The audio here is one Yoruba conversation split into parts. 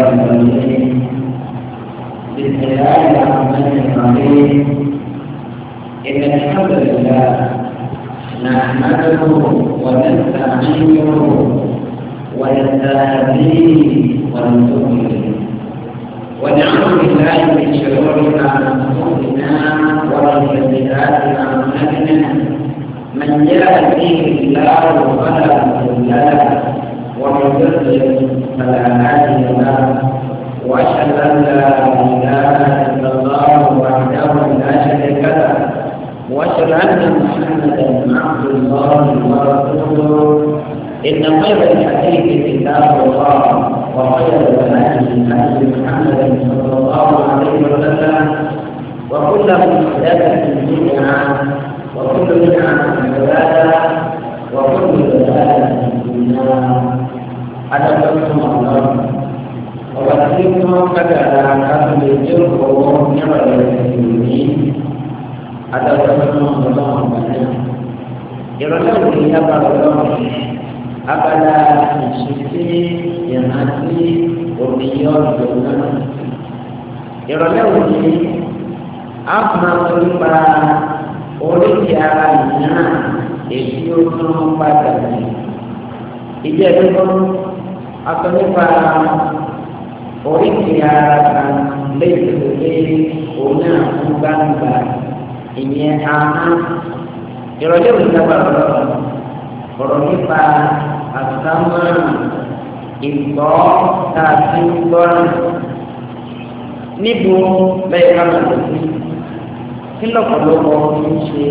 الرجيم بسم الله الرحمن الرحيم إن الحمد لله نحمده ونستعينه ونستهديه ونتوب ونعوذ بالله من شرور أنفسنا ومن سيئات أعمالنا من يهديه الله فلا مضل له ومن يضلل فلا واشهد ان لا اله الا الله وحده لا شريك له واشهد ان محمدا عبد الله ورسوله ان خير الحديث كتاب الله وخير الهدي هدي محمد صلى الله عليه وسلم وكل محدثه بدعه وكل بدعه ضلاله وكل ضلاله في adájọ́sùn ọ̀nà ọ̀rọ̀ tí wọ́n kádàrà káfíńdé tí ó kọ̀wọ́ nírọ̀lẹ́ ìròyìn adájọ́sùn ọ̀nà ọ̀nà ìrọ̀lẹ́ òní abala ọlọ́run abala ìṣesí ìrántí òmìnira ọ̀dọ̀ náà ìrọ̀lẹ́ òní àfọ̀nàmọ́nípa oríṣi ara ìyá èyí ó tún padà ní ìdí ẹ̀dọ́gbọ́n atau lupa oríkìyàrá kan lé òun náà fún gbangba ìyẹn ahán ìrọ̀lẹ́ òṣìṣẹ́ bàbá ọ̀rọ̀ nípa àtàmà ìgbọ́ tá a ti ń gbọ́ràn níbo lẹ́yìn ká lọ sí kí lọ́pọ̀lọpọ̀ ń ṣe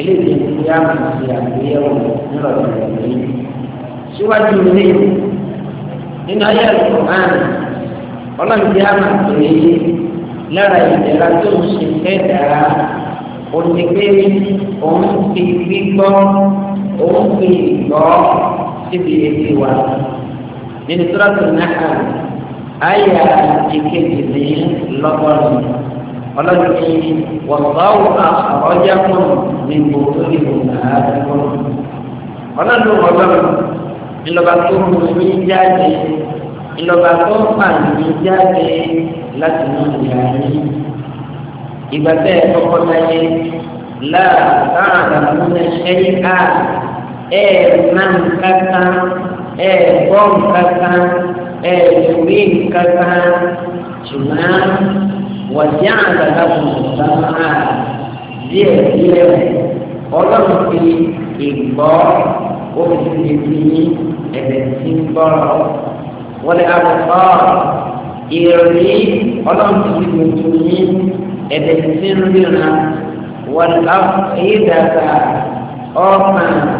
eléyìí tí a mọ̀ sí àgbéyẹ̀wò nírọ̀lẹ́ òṣìṣẹ́ síwájú lẹ́yìn nínú ayé ẹ̀kọ́ hàn ọlọ́run ti hàn pé lára ìlera tó ń ṣe fẹ́ dára òní pé òun fi gbígbọ́ òun fi gbọ́ síbi ètò wa nínú sọ́dọ̀tò náà ayé ìkejì ní lọ́gọ́rùn ọlọ́run ti wọ́n bá wà ọjà fún mi gbòòrò ìgbòho àádọ́gbọ̀n ọlọ́run ńlọba tó mú mi jáde ńlọba tó fà mí jáde láti mú ìyá yín ìgbà tẹ ẹ kọ́kọ́ láyé láà sáàdà fún ẹṣẹ yíká ẹ nán kàkà ẹ bọ́m kàkà ẹ lùmí kàkà ṣùgbọ́n wàjá àgbàdà fún ọ̀sán díẹ̀ díẹ̀ ọlọ́run fi ìgbọ́. ومثل فيه ابن برا والأبصار إيري ولم تجدني ابن سرنا والأفئدة أما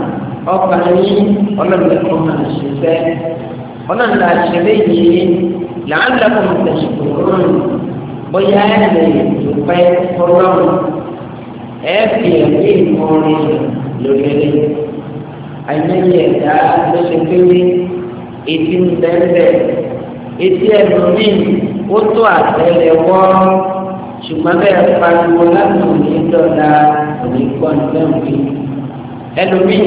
أقني ولم يكن الشفاء ولم لا شبيه لعلكم تشكرون bóyá ẹ lè dúpẹ́ fọlọ́run ẹ fi ẹ̀mí ìmọ̀ rẹ̀ lórí ẹlẹ́yìn àìmọye ẹ̀dá ló ṣe kéré etí ń bẹ́ẹ̀ etí ẹnu míì ó tó àtẹlẹ wọ́ ṣùgbọ́n bẹ́ẹ̀ pariwo láti òní dọ̀la òní gbọ́n lẹ́wọ̀n ẹlòmíì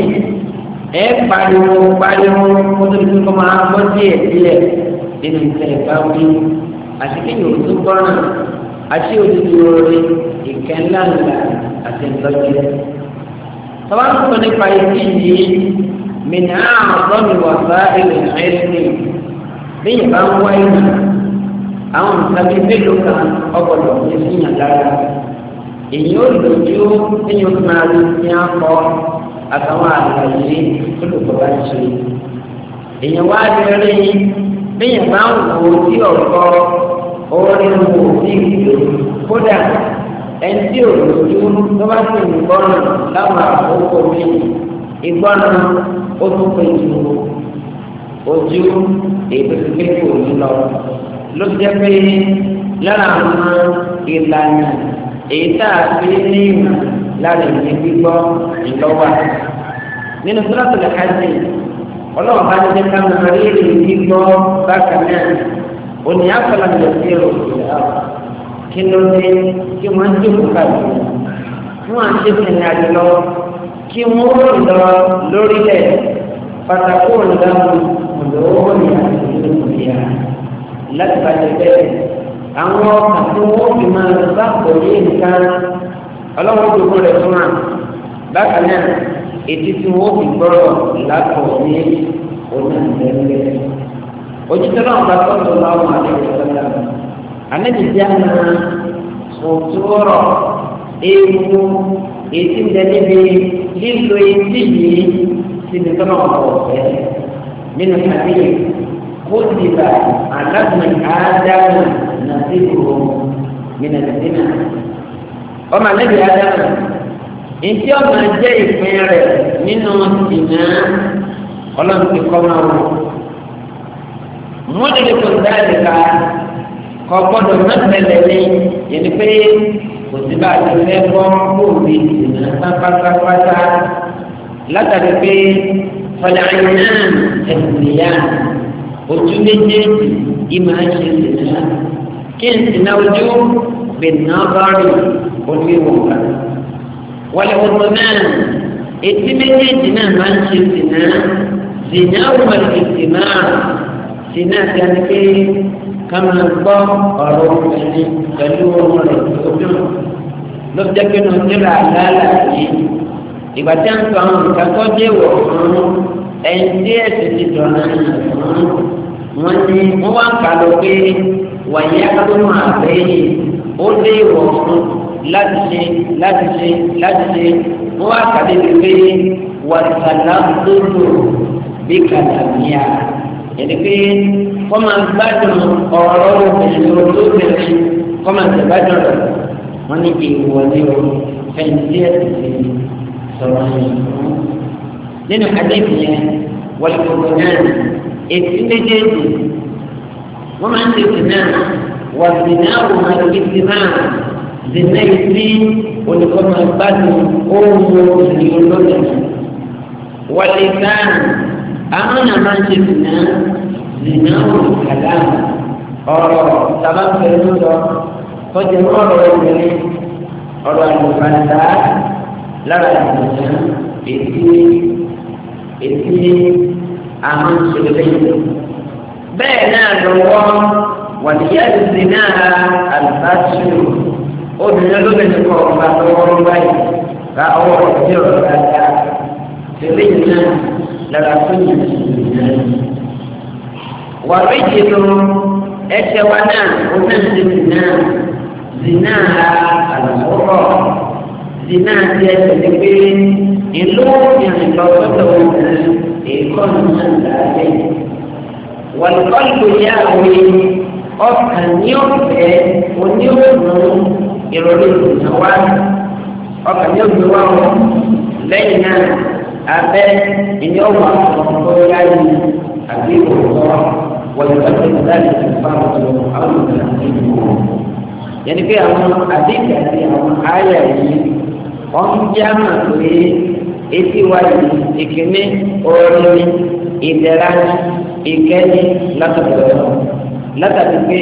ẹ pariwo pariwo kó tó ti kọ́ máa gbọ́ díẹ̀ díẹ̀ nínú ìfẹ́ ìbáwí àti kéèyàn tó gbọ́ràn àti òdodo orin ìkẹ́ńlá ńlá àti ìtọ́jú tọ́wọ́ ń sọ nípa ìdí yìí mìnà àmọ́tọ́mì wàfà ilẹ̀ ẹ̀sìn bí yìí bá ń wá ìlú àwọn nǹkan bíi mélòó kan ọgbọ̀dọ̀ ní síyàn lára èyí ò lójú ẹ̀yìn ó máa lè ní akọ àtàwọn àlàyé olùkọ́ bá ṣe èyàn wá lórí bí yìí ń wò ó sí ọ̀gọ́ orí wo sí ìlú kódà ẹni tí ò lójú tó bá sì ń gbọ́nà láwọn àkókò mi ìgbọ́nà ó tún pé ju ojú èdè kékeré òní lọ ló jẹ́ pé lára àwọn ìlànà èyí tá a fi ní ìmọ̀ lára ìní gbígbọ́ ìlọ́wà nínú sọ́dọ̀tò lẹ́kàtì ọlọ́run bá jẹ́ ká mọ rírì gbígbọ́ bákan náà òní àfọlàmì lè fi èrò kí ló dé kí wọ́n ń dìbò kàlù wọ́n á ṣe ìrìn àjò lọ kí wọ́n ó rìn lọ lórílẹ̀ pàtàkó ìdáhùn olówó ní àtìlẹ́yìn láti bàjẹ́ bẹ́ẹ̀ àwọn ọkàn tí wọ́n fi máa bá pọ̀ ní nǹkan ọlọ́run gbogbo rẹ̀ fún wa bákan náà ètí tí wọ́n fi gbọ́rọ̀ látọ̀ ní onídàájẹ́ bẹ́ẹ̀ ojútọ́ náà bá tọ́jú láwọn àlejò sọ́dọ̀ anabi ti àná òtúrọ ewu etí ndẹ́nibi lílo etí yìí síbi tó náà kọ̀ ọ̀fẹ́ nínú kàdé kó dìbà alágbèn ádámù nàbí kúrò nínú kàdé náà ọmọ anabi ádámù ntí ọmọ jẹ́ ìpín rẹ̀ nínú ìná ọlọ́run ti kọ́ máa wọ̀ múlẹ̀ kò gbọ́dọ̀ mẹsẹlẹ ní yẹn pé kò sí bá a ti fẹ́ gbọ́ kóòbí ìdènà pátápátá látàrí pé fọlá iná ẹ̀sìnìyà ojú méjèèjì ìmọ̀ ẹ̀ṣẹ̀ ìdènà kí n sì ná ojú bẹ̀nà bọ́ọ̀rì oníwòkà wọlé ọdún náà etí méjèèjì náà máa ń ṣe ìdènà ìdènà òmùmọ̀ ìdènà ìdènà àti àti pé kama gbọ́ ọ̀rọ̀ ẹni pẹ̀lú ọmọ rẹ̀ ojú ló jẹ́ kí ní ojú rà lálà yìí ìgbà tí a ń sọ àwọn nǹkan tó dé wọ̀ fún ẹni tí ẹ̀sìn ti dọ̀nà fún wọn ni wọ́n wá ń kàlọ́ pé wàyí akọ́nù àbẹ́yìn ó dé wọ̀ fún láti ṣe láti ṣe láti ṣe wọ́n wá kàdé pé wàtàlá ń lòlò bí kàdàmíà ẹni pé kọ́ máa gbádùn ọ̀rọ̀ ìṣòro tó bẹ̀rẹ̀ kọ́ máa tẹ̀gbádùn rẹ̀ wọ́n ní ìwọlé o ẹni tí ẹ ti ti sọ̀rọ̀ yìí. nínú àdébì yẹn wọ́n kò kò náà ètí méjèèjì wọ́n máa ń tètè náà wọ́n ti náà wò máa náà dènà ìsí olùkọ́ máa gbádùn ohun ìrìn olóyè wọ́n lè dáhùn àwọn àmà ń tètè náà lìnàwó àdáhùn ọ̀rọ̀ sábàbẹ̀ lọ́dọ̀ tọ́jú ọ̀rọ̀ obìnrin ọ̀rọ̀ àlùfáàdá lára ìgbìyànjú ètí ètí àwọn ìṣẹ̀lẹ̀ bẹ́ẹ̀ náà lọ́wọ́ wàdíyà ti náà àlùfáàṣù obìnrin lóbìnrin kọ̀ ọ̀gá lọ́wọ́ báyìí ká ọwọ́ ìdí ọ̀rọ̀ dáadáa ìṣẹ̀lẹ̀ náà lára fún ìṣẹ̀lẹ̀ náà wà méjì ló ẹsẹ̀ wa náà ó náà ṣe zìnà zìnà àlùkò zìnà ti ẹsẹ̀ ní pé ìlú ìrìn lọ sọ́dọ̀ èkó náà láàyè wàlúkọ́lù yà wí ọkàn ní ọ̀fẹ́ oníwòrán ìrọ̀lẹ́ ìnáwó ọkàn ní ọ̀fẹ́ wà wọ́n lẹ́yìn náà abẹ́ ìyọ̀wọ̀ àkọ́kọ́ yá yìí àbí òwúrọ̀. ويبين ذلك الفرق والمحاول تحقيقه yẹni pé àwọn àdéhùn àti àwọn àyà yìí wọn já mà pé etí wa yìí ìkíní orin ìdẹ̀ra ìkẹ́ni látọ̀dọ̀ látàbí pé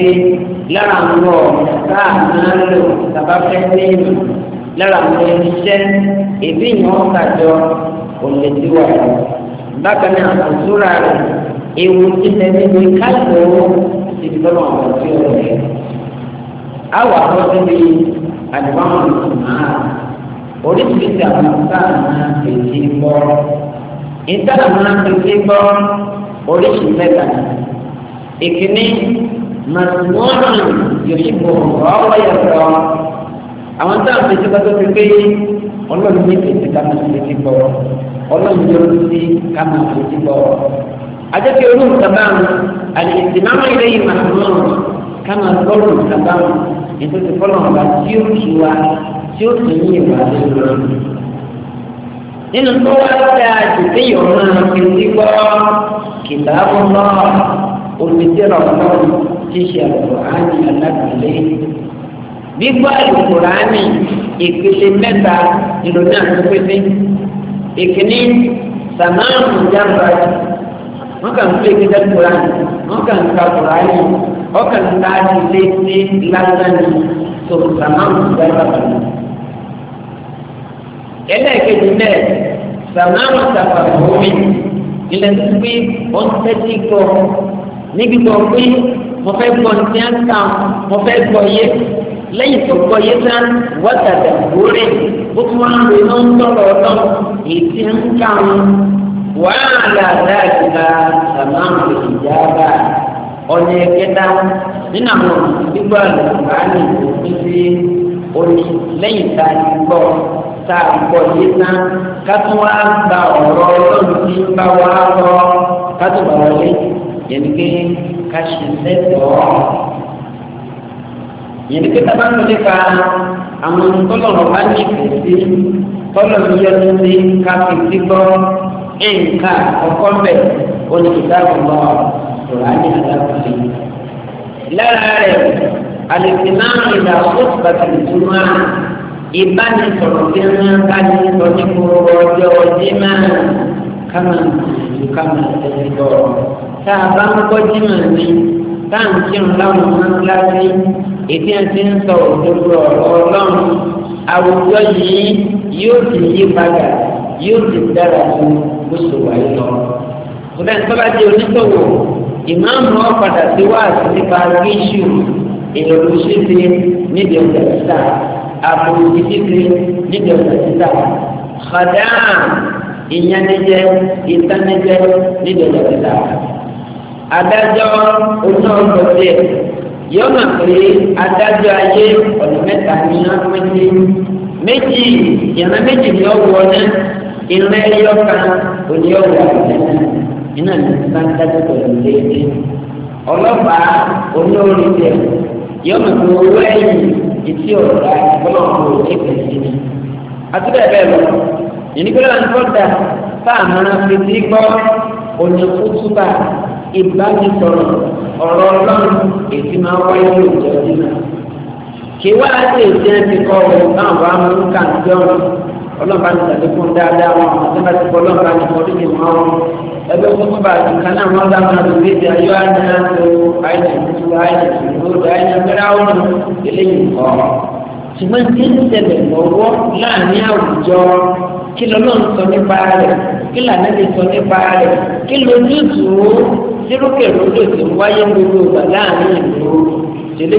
lára àwọn ọ̀rọ̀ tá a máa ń lò tàbá fẹ́ ní ìlú lára àwọn irinṣẹ́ ìbí ìyàn ọ̀kàjọ òlè bákan náà àtúrà rẹ̀ ewu ti tẹ̀lé ní káàtó ibi tó náà wọ̀ sí ọ̀rẹ́. Àwọn àwọn tó bí àdìbáwọn ìtumọ̀ oríṣiríṣi àwọn sáà máa ń fèsì gbọ́. Ìtàn máa ń fèsì gbọ́ oríṣi mẹ́ta. Ìkíní màtúwọ́nà yòókù ọ̀rọ̀ yẹ̀kọ́. Àwọn sáà fèsì gbọ́ tó ti pé ọlọ́run ní fèsì ká máa fèsì gbọ́. Ọlọ́run yóò ti ká máa fèsì gbọ́ àjẹkẹ olú nǹkan bá mi àlèyé máma ilé yìí máa mọ ọ ká máa gbọ́dọ̀ nǹkan bá mi ètò ti fọlọ́ ọ̀la tí ó tù wá tí ó tù ní ìwà lórí rẹ. nínú tó wá dáa jù téèyàn máa fi sí gbọ́ kìtà ọ̀nà olùdíjẹ́rọ̀ náà ti ṣe àlùkùránì alágbèlé. gbígbọ́ àlùkùránì ìpele mẹ́ta ìròyìn àti pépé ìkíní sàmáàmù jábàá wọ́n kàn ń gbé gẹ́gẹ́ kura ni wọ́n kàn ń ka kura ni wọ́n kàn ń ta ilé ní lásán ni tó sàmáwù sábà bàbà. ẹlẹ́ẹ̀kejì náà sàmáwù sábà bòmí ilẹ̀ tó gbé wọ́n tẹ́tí gbọ́ níbi tó gbé mo fẹ́ gbọ́ ní tí mo fẹ́ gbọ́ yé lẹ́yìn tó gbọ́ yé tán wọ́n tàbí àgbóore ó tún wá ń lo iná ń tọrọ ọ̀tọ̀ èyí ń ká wọn wàhálà dáàbìlà sàmáàmù ìjàmbá ọ̀nà ẹ̀kẹta nínú àwọn gbígbà lùbáàlì òfin sí omi lẹ́yìn tá a ti gbọ́ tá a gbọ́ yé tán ká tún wá gba ọ̀rọ̀ ọlọ́run tí ń bá wá lọ ká tún bá wọlé yẹn ni pé ká ṣe lẹ́tọ̀ọ́ yẹn pé tá a bá ń àwọn tọ́lọ̀rọ̀ bá ní ìfẹ́ sí tọ́lọ̀ yẹn ti ká fi sí gbọ́ nǹkan ọkọ bẹ olùkìtà ọgbà ìwádìí àdàkùnrin lára rẹ àlùfínà ìlà ọgbàtà ìtumá ìbánisọ̀rọ̀ tí wọ́n bá ní sọ ní gbogbo ọjọ́ jimá kama ìlú kama ẹ̀dọ́ tá a bá ń gbọ́ jimá mi tá à ń kírun láwọn ọmọ kíláàsì ètí àti ń sọ òdodo ọ̀rọ̀ ọlọ́run àwùjọ yìí yóò sì yí padà yóò sì dára fún un bó ṣe wà yìí lọ. Ọ̀dà ìtọ́lá di oníṣòwò ìmáàmù náà padà sí wáàsí nípa gíṣù ìrọ̀lù ṣíṣe níbi ọ̀sẹ̀ títà àbòròjì ṣíṣe níbi ọ̀sẹ̀ títà. Xadà ìyanijẹ ìtanijẹ níbi ọ̀sẹ̀ títà. Adájọ́ oná ọ̀sẹ̀ yóò mọ̀ pé adájọ́ ayé ọ̀nà mẹ́ta ní wọ́n pín sí méjì ìyànà méjì ni ó wọ náà ilé yọ kan òní ọ̀gá ìjẹ́nà iná ní sáńdájú pẹ̀lú déédéé ọlọ́pàá olórí tẹ̀ yọ̀mù tó owó ẹ̀yìn etí ọ̀gá ọlọ́pàá òní pẹ̀lú ní. àtúbẹ̀ bẹ́ẹ̀ lọ ìníkọ́lá ń fọ́dà fáàmù fìdí gbọ́ òní kútúbà ìbánisọ̀rọ̀ ọ̀rọ̀ ọlọ́run èyí máa wáyé lóòjọ́ sí náà. kí wàá ṣe ìṣe ti kọ́ ọ̀rọ̀ náà wàá mú kàńtì ọ̀rọ̀ ọlọ́ba ní sàlékún dáadáa wọn àwọn tó bá ti kọ́ ọlọ́ba ní kọ́ lóye wọn wọn ẹgbẹ́ fún bàbá àdùnkan náà wọn dáhùn náà lórí èdè ayọ́ àná tó àyìnà tó àyìnà tó lóòdù àyìnà mẹ́ra wọn eléyìí kọ́ ṣùgbọ́n tí ń tẹ̀lé lọ́wọ́ láàrin àwùjọ kí lọ́lọ́run sọ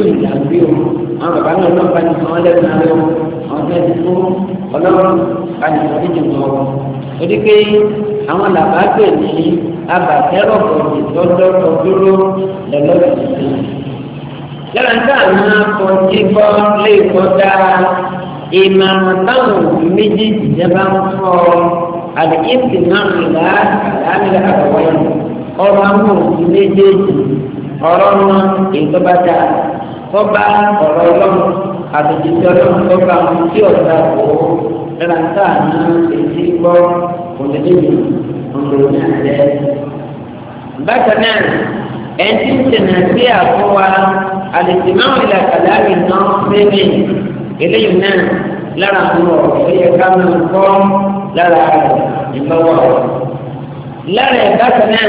nípa rẹ̀ kí àwọn bàbá náà lọ́ọ́ bá ní sọ wọ́n lẹ́nu náà lọ́wọ́ àwọn tó ti fún ọlọ́run àdìsọ́ níjù lọ. torí pé àwọn làbá pè ní abàtẹ́rọ̀ kọ̀ọ̀dì lọ́dọ́ ọdúró lọ́lọ́dì lára ń tà àwọn akọ̀ọ̀dì kọ́ lè kọ́ dáa ìmọ̀ràn táwọn òbí méjèèjì jẹba ń fọ́ àdìkíntì náà nìlá àdámìlá àbọ̀wọ́ ọ̀rọ̀ àwọn òbí méjèèjì ọ̀rọ̀ náà èyí dáa tọ́ba ọ̀rọ̀ ọlọ́run àtòjìṣẹ́ ọlọ́run tọ́ba ohun tí ọ̀dà kò rẹ́ra tá a ní èyí gbọ́ òdìdíbi òdòdó àlẹ́. bákan náà ẹni tí ń tẹ̀nà sí àfún wa àlèsì máa ń làkàlà rè náà fẹ́mi eléyìí náà lára àwọn ọ̀rọ̀ tó yẹ ká máa kọ́ lára ìlọ́wọ́. lára ẹ̀ bákan náà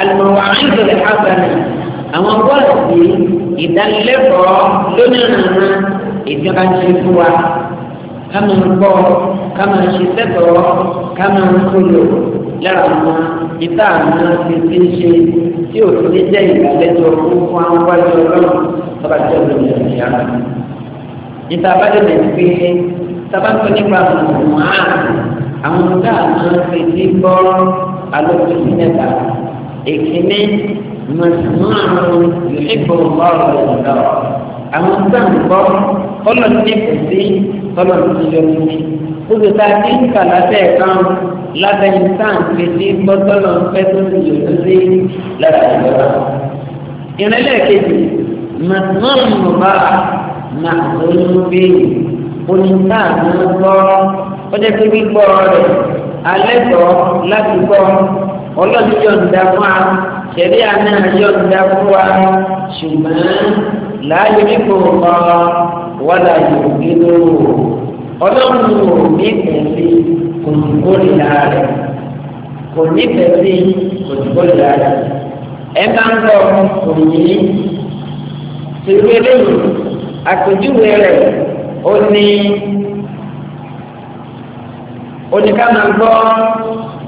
àlùmọ̀wá ń tẹ̀lé àgbà náà àwọn bọ́ọ̀sì ìdánilẹ́kọ̀ọ́ lónìí ìjọba ṣe fún wa ká máa ń gbọ́ ká máa ṣe sẹ́kọ̀ọ́ ká máa ń kúlò lára àwọn ìta àwọn ti ti ń ṣe tí ò ní jẹ́ ìgbàlejò fún àwọn wájú ọlọ́run tọ́ba tí ó lòdì sí ara. ìta abájọ́lẹ̀ ń pè é sábàtọ̀ nípa àwọn àwọn ìta àwọn ti ti gbọ́ alóòtú sí mẹ́ta èkìní mọ̀tìmọ́ àwọn ìlẹ́gbọ̀n báwọn ọ̀dọ́ àwọn sáǹgbọ́ ọlọ́ọ̀tì kò sí ọlọ́ọ̀tì yọrí ní gbogbo tá a ti ń kà lábẹ́ kan lábẹ́ sáǹgbé tí gbọ́dọ̀ lọ pẹ́ tó ti yọrí sí lára ìjọba. ìrẹ́lẹ̀ kejì mọ̀tìmọ́ àwọn bá máa tó ń gbọ́ ó jẹ́ pé gbígbọ́ rẹ̀ alẹ́ gbọ́ láti gbọ́ ọlọ́ọ̀tì yọ̀ǹda fún àwọn ṣẹ̀rí àná yọ̀ǹda fún wa ṣùgbọ́n láàyè nípò ọ wọ́dà yóò gbé lóru ọlọ́run ò ní pẹ̀lú kò ní kórè láàrẹ̀ kò ní pẹ̀lú kò ní kórè láàrẹ̀ ẹ máa ń bọ̀ kò ní tìrú eléyìí àpèjúwe rẹ̀ ó ní oníkàmọ́ gbọ́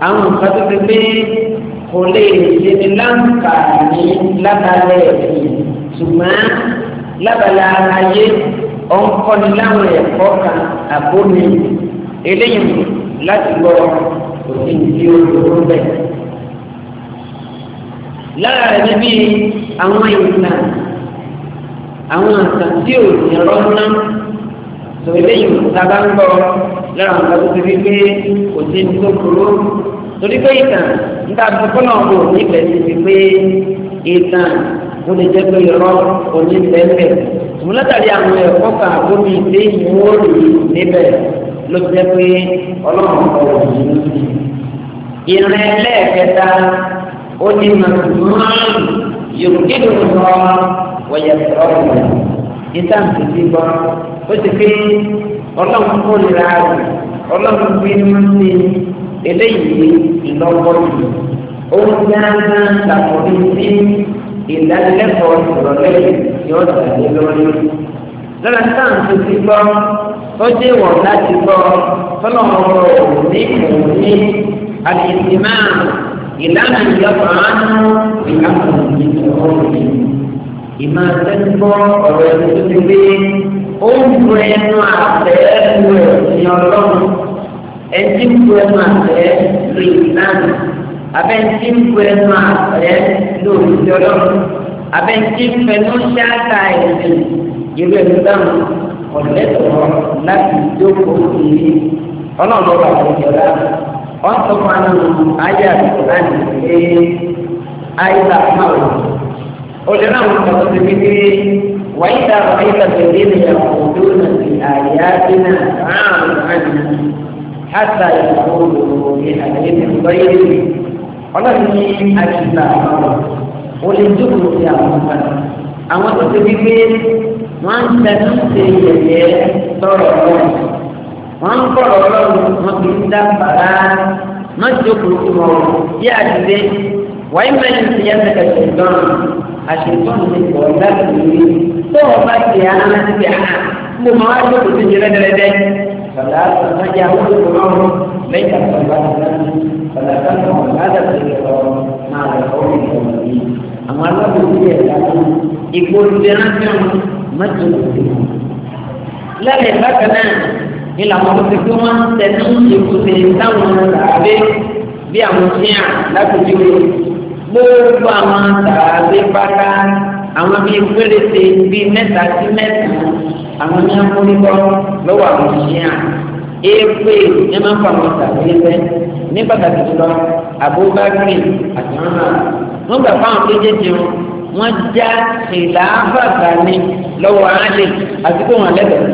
àwọn nǹkan tó ti pé kò lè ṣe ní láǹfààní lábàlẹ̀ ẹ̀sìn ṣùgbọ́n lábàlẹ̀ ayé ọ̀nkọ́ni láwọn ẹ̀kọ́ kan àbómi eléyìí láti gbọ́ òfin tí ó dúró bẹ́ẹ̀. lára rẹ̀ bí àwọn ìtàn àwọn àtàn tí ò ní rọ́nà tó eléyìí tá a bá ń gbọ́ lára àwọn kan tó ti rí kò sí ní tó burú torí pé ìtàn níta gbọ́dọ̀ kò nífẹ̀ẹ́ sí ti pé ìtàn ó lè jẹ́ pé irọ́ onífẹ̀ẹ́fẹ̀ ṣùgbọ́n látàrí àwọn ẹ̀kọ́ kan àgbómi ìdé ìmúwòrì níbẹ̀ ló jẹ́ pé ọlọ́run ọ̀rọ̀ yìí ìrìn ẹlẹ́ẹ̀kẹta ó ní màmúmáàlù yorùbá lọ wọ̀yẹ̀ sọ̀rọ̀ ìtàn tó ti gbọ́ ó ti pé ọlọ́run kò lè ra ọlọ́run pé ní eléyìí lọ́wọ́ yìí ó ń dáná tàbí sí ìdánilẹ́kọ̀ọ́ ìrọ̀lẹ́ yóò tẹ̀lé lórí. lọ́la táwọn tó ti gbọ́ ó dé wọ̀ láti gbọ́ fọlọ́mọ òní òní àdìsímá ìlànà ìyọ̀pọ̀ àánú ìyàpọ̀ ìyọ̀pọ̀ òní. ìmọ̀ àtẹ́gbọ́ ọ̀rọ̀ ẹni tó ti gbé ó ń bu ẹnu àtẹ́ẹ́nu ẹ̀sìn ọlọ́run ẹtí ń bu ẹnu àtẹ lórí ìlànà abẹ́ntí ń bu ẹnu àtẹ lórí ìjọlọ́ abẹ́ntí ń fẹnu ṣáàtà ẹ̀sìn ìlú ẹ̀mí dáhùn ọ̀lẹ́tọ̀ọ́ láti jókòó kiri ọlọ́run ọba àtẹ̀jọ́lá wọ́n sọ fún àwọn ayé àtúntò láti ṣe àyíká máa olè náà wọn kàtó ti fi kiri wáyé dáhùn àyíká tẹ̀lé ní ẹ̀kọ́ tó nà sí àyà sínú àrùn àná hátà ìfowó lòlò ní àyè ìfowó yé mi ọlọ́run ní àṣìṣà àwọn ò lè jókòó sí àwọn ọ̀gá àwọn tó ti wípé wọ́n ń tẹnu ṣe yẹ̀yẹ́ lọ́rọ̀ ọlọ́run wọ́n ń bọ̀rọ̀ ọlọ́run wọn kì í dá má jókòó sí wọn bí àṣìṣe wàá mẹ́rin ti yẹ́ mẹ́ta ṣèjọ́n àṣìṣọ́n ti pọ̀ láti rí tó o bá ti àná ti àná mo máa wá jókòó sí ìrẹ́dẹ́rẹ́dẹ́. فلا تتجهوا القلوب ليس كالبدن فلا تنفعوا هذا الذكر مع القوم الكافرين أما الله يقول يقول بأنهم مجنون لا يبقى ilà wọn ti kí wọn tẹnu ìkùsè táwọn tàbí bí àwọn tíyà lákòjúwe gbogbo àwọn tàbí pátá àwọn bíi péréte bíi mẹ́ta sí mẹ́ta àwọn ní amúnibọ́ lọ́wọ́ àwọn ṣíà èèpè ní máa ń fa àwọn sàbẹ̀lẹ́fẹ́ ní pàtàkì jùlọ Abubakar àti ọ̀nà wọn gbà fáwọn méjèèjì wọn wọn já ìlàáfàgbà ni lọ́wọ́ àlè àti kó wọn lẹ́bẹ̀ẹ́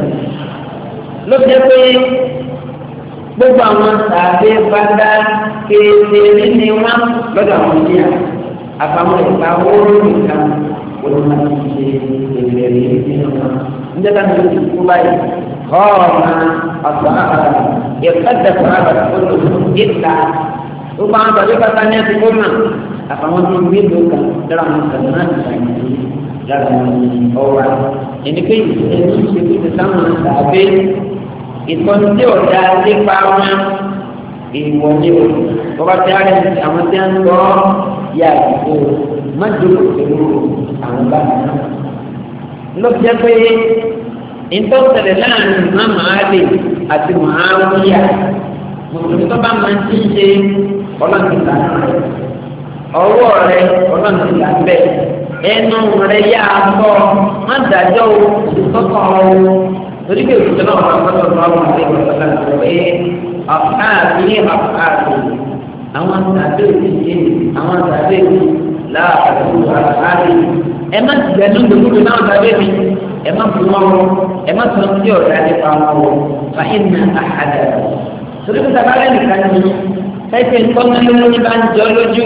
ló jẹ́ pé gbogbo àwọn sàbẹ̀ bàtà kéèké ní wọn lọ́dọ̀ àwọn ṣíà àfàwọn ìgbà wọ́ọ́rọ́ nìkan olùmọ̀ọ́ ti ṣe ìrẹ̀lẹ̀ nínú wọn nígbà tó ti kú báyìí kọ́ọ̀nà ọ̀sán àbàlà ìfẹ́dẹ̀ fún àbàlà olú ìta ó bá ń tọ́jú pátá ní ẹ̀sìn fún náà àfàwọn tó ń gbé ló kà lọ́la wọn kà náà ti sàn yìí lára ọ̀wà ẹni pé ìṣẹ̀lẹ̀ ń ṣe fún ìsáwọn àbẹ́ ìtọ́ni tí ọ̀dà lépa wọn ìwọ̀ ni o bọ́bá tí a rẹ̀ àwọn tí a ń tọ́ yà á má dúró pẹ̀lú àwọn bá náà lọ́jọ́ pé ìtọ́sẹ̀lẹ̀ láàrin màmá àlè àti màáwíyà mùsùlùmí tó bá máa ń tí ń ṣe ọlọ́ọ̀tìlá ọwọ́ rẹ ọlọ́ọ̀tìlá bẹ́ẹ̀ ẹnu rẹ yá a bọ́ má dájọ́ o òṣìṣọ́kọ̀ o torí pé òṣìṣẹ́ náà máa fọ́tọ̀ tó àwọn ọ̀rẹ́ ìgbàlódé náà pé ọ̀pá àbí ọ̀pá àbí àwọn àtàdé òṣìṣẹ́ àwọn àtàdé òṣìṣẹ́ láàbù àbáyé ẹ má ti bẹ̀ lóde lóde náà gbàgbé mi ẹ má fi wọ́n ẹ má sọ sí ọ̀dà nípa wọn fa iná àhàdà torí pé sábà nìkan ni ẹsẹ̀ nǹkan tó ló ní bá ń jọ lójú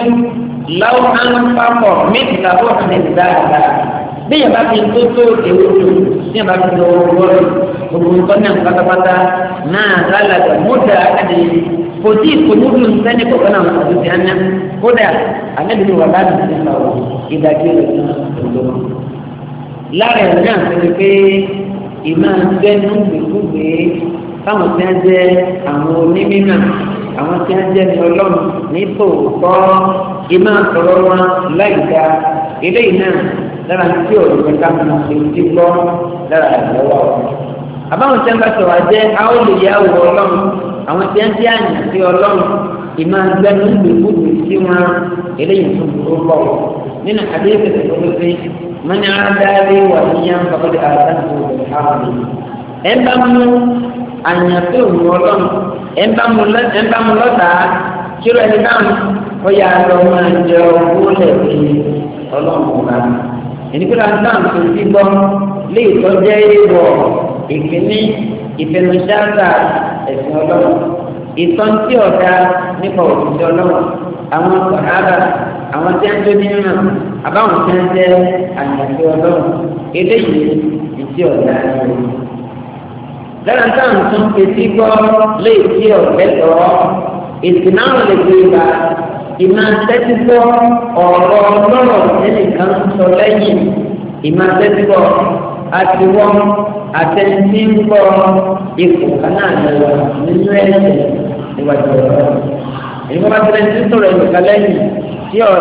láwọn máa méjì lábọ̀ ní dáadáa bí yàrá fi tó tó èwe tó bí yàrá fi tó wọ́ọ̀rọ̀ gbogbo nǹkan pátápátá náà lálàgbà mọ́tà àdéhìí kò tí ì kò múlò sẹ́ni kọ̀ọ̀kan náà àti ti àná kódà ànábìrì wà láti ti sọ ìdájọ́ ìlú ìlú. lára ẹ̀rọ náà ti di pé ìmọ̀ àgbẹ̀nú gbègbè táwọn tí wọ́n jẹ́ àwọn onímọ̀ àwọn tí wọ́n jẹ́ ní ọlọ́run ní tòótọ́ ìmọ̀ àtọ̀rọ̀ wọn láì dá eléyìí náà lára tí òòlù mẹ́ta mọ̀ ṣe ti gbọ́ lára àgbẹ̀wọ̀ àbáwọn tí wọ́n bá sọ̀rọ̀ àwọn tí wọ́n ti àyè sí ọlọ́run ìmọ̀ agbẹ́nu gbogbo sí wọn eléyìí tó burú pọ̀ nínú àdéhùn tó tó fi mọ́ni adáre wà níyà ń bàbá àdáńtò àwọn ẹ bá mú àyànfẹ́ òun ọlọ́run ẹ bá mú lọ́tàá kí ló ẹni dáhùn ó yà á lọ máa jẹ owó lẹ́ẹ̀kì ọlọ́run ọ̀gá ẹnikẹ́ni àdáhùn tó ti gbọ́ lè tọ́jú ẹ̀rọ ìkíní ìfẹnusẹ́ ẹ̀sìn ọlọ́run ìtàn tí ọ̀dà nípa òṣìṣẹ́ ọlọ́run àwọn sàhábà àwọn tí wọ́n tó ní mímọ̀ àbáwọn tí wọ́n jẹ́ àyànfẹ́ ọlọ́run eléyìí ìtì ọ̀dà ni lẹ́yìn táwọn tó ń fetí gbọ́ léyìí tí ọ̀dẹ́ tọ́ ìsìn náà lè gbé ibà ìmọ̀ tẹ́tígbọ́ ọ̀rọ̀ ọlọ́rọ̀ nínú ìkan sọ lẹ́yìn ìmọ̀ tẹ́tígbọ́ àti wọn àtẹnudí ń bọ ipò kanáà lọ nínú ẹsẹ ìwàjú ọ̀rọ̀ èyí wọn bá tẹ́lẹ̀ ní sọ̀rọ̀ ìgbà lẹ́yìn tí ọ̀dà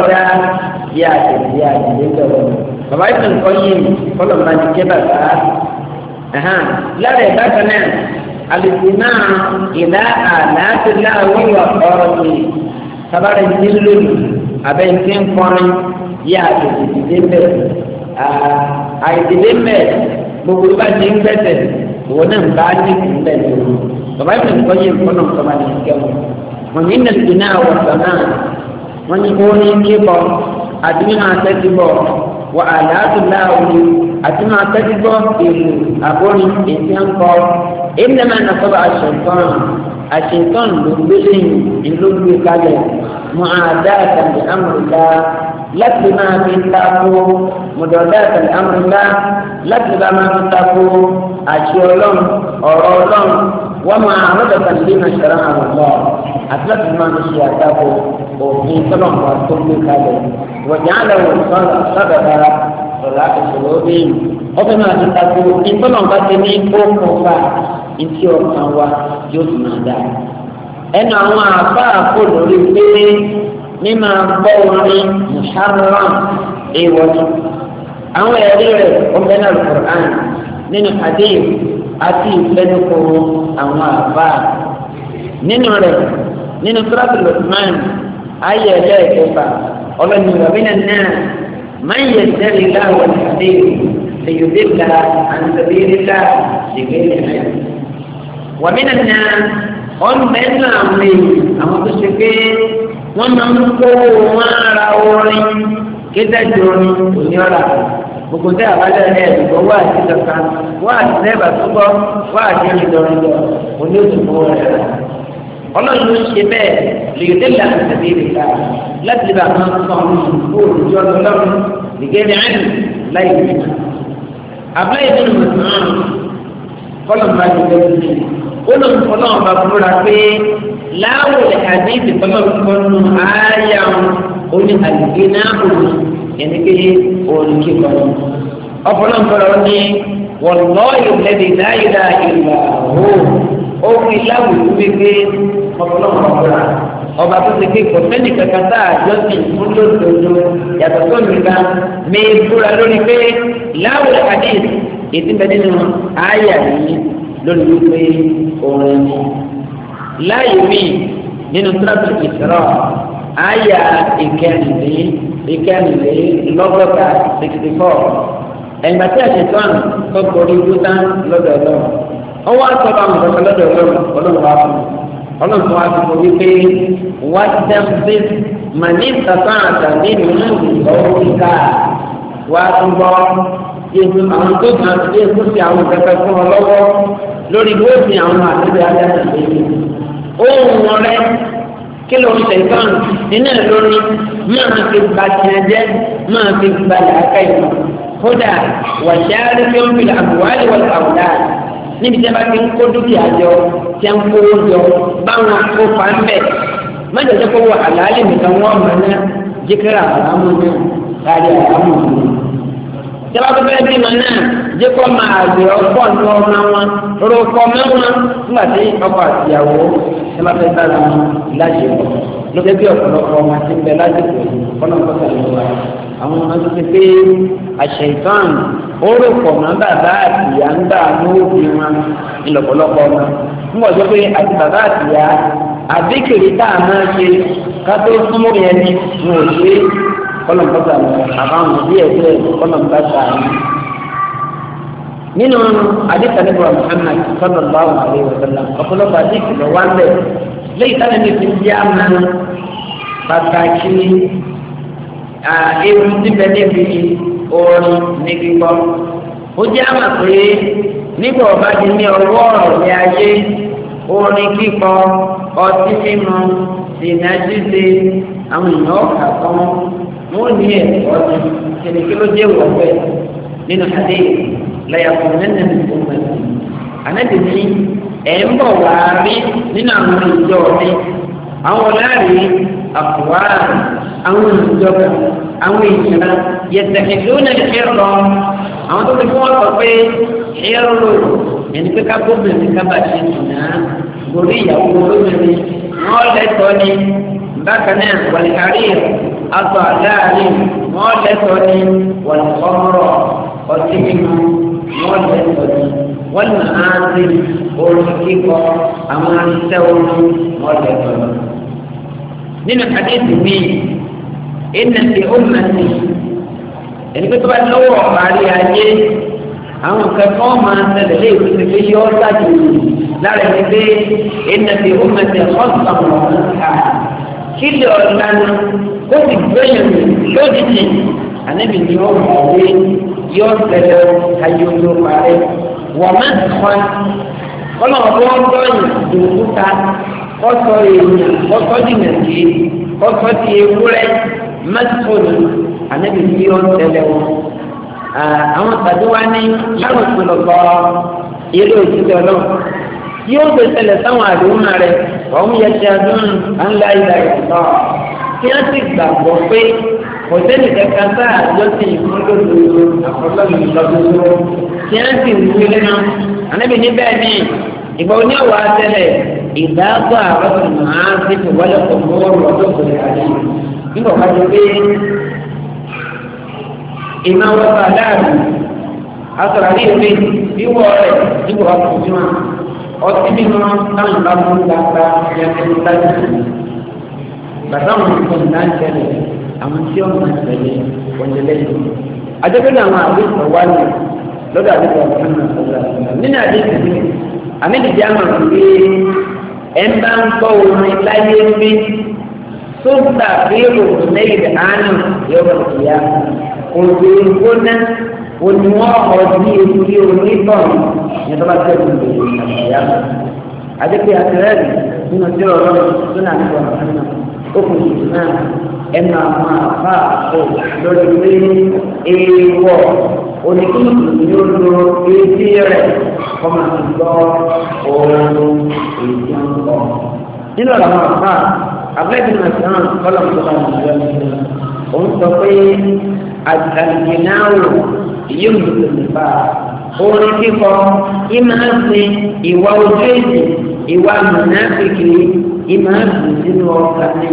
yà àtẹ̀lẹ́ yà àtẹ̀lẹ́ sọ̀rọ̀ bàbá yìí tún kọ́ yìí kọ́lọ̀ máa ti jẹ́ bàbá lára ìgbà kan náà alùpùpù ìlà àlàáfíà wíwà ọ̀rọ̀ mi sábàrẹ̀ nílò abẹ́ńtí ń kọrin yà àtẹ̀lẹ́ àìdílé mẹ gbogbo bá ti ń gbẹsẹ ìwọ náà bá ní ìpínlẹ̀ tó bàbá yìí nìkan yìí nǹkan náà kọ́má ní kẹwọn wọn ní nàìjíríà náà wọ sàmà wọn ní kó ní kí bọ àti nínú àtẹ́tí bọ wọ àlàáfù láàwù àti nínú àtẹ́tí bọ ìlú àbórin èsì ń kọ èmi náà nà sọ́ba àṣetán àṣetán ló gbé lẹ́yìn ìlú gbé kalẹ̀ mọ àdá àtàlẹ́ àmọ̀ láti máa fi tako mùdọ̀dá ìtàlẹ̀ amúlá láti bá máa fi tako àṣẹ ọlọ́run ọ̀rọ̀ ọlọ́run wọ́n máa rọ́dọ̀ tàbí máa ṣẹ̀rọ àwọn ọ̀lọ́ àti láti máa fi ṣe àtakò òfin tọ́lọ̀mù tó gbé kalẹ̀ wọ̀jà àlẹ́ wò sọ́dọ̀ dára ọ̀la ìṣòro bíi ọ̀fẹ́ máa fi tako ìtọ́lọ̀mù bá ti ní kókó wa ìtí ọ̀kan wa yóò tún máa dáa ẹnu àwọn àbá mímọ gbọ́ orin muharram èèwọ̀ ni àwọn ẹ̀rí rẹ̀ ọ̀gbẹ́ náà Qur'an nínú hadith àti ìfẹ́nukọ àwọn àbá nínú rẹ̀ nínú sọ́láṣí lọ́sùmán ayé ẹlẹ́ẹ̀kẹfà ọlọ́ni wàmínà náà máa ń yẹ sẹ́rí láwọn ìdílé ṣèyọ̀dẹ́gbà àǹtẹ̀bíyẹ́dẹ́gbà ṣègbè wàmínà náà ọ̀nùmẹ́ńtà àwọn èèyàn àwọn tó ṣe pé wọ́n máa ń kó wọn ara orin kéjẹ́jì orin òní ọ̀la gbogbo tẹ́ àbájá ẹ̀ ẹ̀dùnkọ́ wá àti ìjọba wá àti lẹ́bà tó gbọ́ wá àti ìrìndọ̀rìndọ̀ òní òtúnbọ̀ rẹ̀ rà ọlọ́run ló ń ṣe bẹ́ẹ̀ lèyìndé lànà tẹ̀lé ìrìkà láti lè bá àwọn sọ̀rọ̀ olùjọ́ lọ́rùn nìgẹ́ni àìní láì ní. àbáyé nínú mọ̀tàn kọ́lọ̀ bá ti bẹ́ẹ̀ ní olùkọ́ náà bá fúnra pé láwọn àdéhìí tọ́lọ́kọ́nù ààyè àwọn oní àdìgbé náà kò ní ẹni pé òòlù kíkọ́. ọ̀pọ̀lọpọ̀ ní wọ̀lọ́ọ̀yì lẹ́bi láyìlá ìlà òhù ó fi láwùjọ wípé ọ̀pọ̀lọpọ̀ ọ̀la ọba tó ti kéko sẹ́ni kankan tá a fún lóṣooṣù yàtọ̀ tó nìkan mi búra lórí pé láwùjọ àdéhìí ètí nínú ààyè àyè lórí wípé òun ni láàyè míì nínú tíráfìlì ìṣòro àyà ìkẹrìnlé ìkẹrìnlé lọ́gọ́ta sixty four ẹ̀gbà tí àṣetọ́ àná tó borí dúdá lọ́dọ̀ ọlọ́run ó wá sọ́ba àwọn ọ̀dọ́ lọ́dọ̀ ọlọ́run ọlọ́run wá fún un ọlọ́run tó wá fún un wípé wá dẹ́mbé màní sàtọ́ àtàlẹ́ nínú ìgbọ̀wọ́ kíkà wá tún bọ́ yéésù àwọn tó kàn yéésù fi àwọn kẹkẹ fún ọ lọ́wọ́ lórí bóòsì àwọn àtẹ́bí alẹ́ àtẹ́bí ohun ọ̀rẹ́ kí ló ń tẹ̀sán iná lónìí máa fi gba tiẹ̀ jẹ́ máa fi gba làákà ìlú kódà wàṣáárí fi ń fi àbúwálé wọ àwùdá níbi tí a bá ti ń kó dúkìá jọ tí a ń kówó jọ báwọn kó fa ń bẹ̀ má jẹ́jẹ́ kó wọ àlàálẹ̀ nìkan wọ́n mọ̀ náà jíkẹ́rẹ́ àbámu náà kárí àbámu náà yàrá tó fẹ́ bímọ náà jẹ́ kó máa lè ọkọ̀ ní ọmọ wọn rò kọ́ mẹ́wọn nígbà tí ọkọ àtìyàwó yàrá fẹ́ dára wọn láṣepọ̀ ló fẹ́ bí ọ̀pọ̀lọpọ̀ ọmọ ti bẹ láṣepọ̀ kọ́nà kọ́sà ló wà àwọn ọmọ tó ti pé àṣẹ ìtàn ó rò pọ̀ mọ́ bàbá àtìyà ń gbà ní òbí wọn ìlọ̀pọ̀lọpọ̀ ọmọ nígbà tó pé àti bàbá àtìyà àbíkèrè tá a máa ṣe ká tó súnmọ́ yẹn ni kọ́lọ̀ nǹkan sàmì àbáwọn díẹ̀ díẹ̀ kọ́lọ̀ nǹkan sàmì. nínú àdìsá nípa Muhammad sallallahu alaihi wa sallam ọ̀pọ̀lọpọ̀ àdìsí lọ wá lẹ̀ lẹ́yìn táwọn ẹni ti ń jẹ́ àmà pàtàkì ewu níbẹ̀ níbi oorun ní kíkọ́. ó jẹ́ àmà pé nígbà ọba ti ní ọwọ́ ọ̀rẹ́ ayé orin kíkọ ọtí mímu ìnájú àwọn èèyàn ọ̀kà wọ́n ní ẹ̀kọ́ ni ẹni kí ló jẹ́ wọ̀ bẹ́ẹ̀ nínú adé lẹ́yàpọ̀ nínú ìfowópamọ́ ànádi ní ẹ̀ ń bọ̀ wá rí nínú àwọn ìjọ mi àwọn ọ̀làrí àfùwá àwọn ìjọba àwọn ìjọba yẹtẹ̀kẹ̀ tó ní ẹ̀rọ àwọn tó ti fún ọ̀sọ̀ pé ẹ̀rọ ẹni pé ká gómìnà ní kábàṣe nìyà gorí ìyàwó olómìnira wọn lẹ́tọ̀ọ́ ni bákan náà wàlẹ̀ kárí ẹ̀rọ. أطلالهم مولدتني والقمر قتلهم مولدتني والمعازل أرتقى أما السوم مولدتني من الحديث في إن في أمتي إن كنت بعد نوع علي أجي أو كفوا ما تدلي في يوم تجي لا لكي إن في أمتي خصم كل أرتان ó sì gbẹ̀yìn lójijì ànábì ni ó mọ̀ wí yóò tẹ̀lé ayé tó parẹ́ wọ́n má kàn kọ́nà ọ̀gbọ́n gbọ́yìn dòkúta kọ́sọ̀ èèyàn kọ́sọ̀ dìnnà sí kọ́sọ̀ ti ewúrẹ́ mẹ́tòlù ànábì ni ó tẹ̀lé wọn. àwọn tàbí wá ní yàrá òṣèlú lọ ilé òṣìṣẹ́ ọlọ́run yóò gbèsè lẹ̀ sáwọn àdéhùn rẹ̀ ọ̀hún yẹ ti adúrún à ń láyé láyé lọ́wọ́ kí wọ́n sì gbàgbọ́ pé kò sẹ́ni kankan tá a lọ sí ìfún lódodo àfọlọ́yìn lọ́dodo kí wọ́n sì wúwo lẹ́nu ànábì níbẹ̀ ni ìgbà oní ọ̀wà tẹ́lẹ̀ ìdáàbò àrọ́sùn máa ń fi wọlé pọ̀ mọ́ọ̀rọ̀ ọdún nígbà wá ti pé iná wọn bá dáàbò asọ̀rọ̀ àbí ìwé wíwọ́ rẹ̀ nígbà wá tó fi wọn ọtí mímu táwọn bá mú gbàgbà yẹn tó dájú bàbá wọn ti kọ́ náà tẹ̀lé àwọn tí wọn máa tẹ̀lé wọn lẹ́lẹ́ yìí. àjẹpẹ́lẹ́ àwọn àdéhùn wá ní lọ́dọ̀ àdéhùn ọ̀sán náà sọ̀rọ̀ nínú àdéhùn yìí àmìlìdí àmọ̀ pé ẹ̀ ń bá ń kọ́ orin láyé bí tó gbà pé òun lẹ́yìn àánú yọ̀rọ̀ ìyá òde gbóná òní wọn ọdún èyí onítọ̀n ní tó bá tẹ̀ ọ́ ìyá àdéhùn àtẹ̀rẹ́ nínú tí ọ̀rọ̀ tó náà ń bọ̀ okùn tuntun náà ẹ máa máa fà ó lórí pé èèwọ̀ oníkùnkùn yóò lo etí rẹ̀ kọ́ máa fi gbọ́ oorun èyí ń bọ̀. nínú ọ̀rọ̀ àwọn àfà abẹ́bí màsán kọ́lọ̀ tó bá wọn lọ sí i òun sọ pé àgbẹ̀náwó yóò lò lè bá orin kíkọ ìmáàsì ìwà ojú èdè ìwà mùnáfíkì ìmọ̀ àbùkù sínú ọkà ni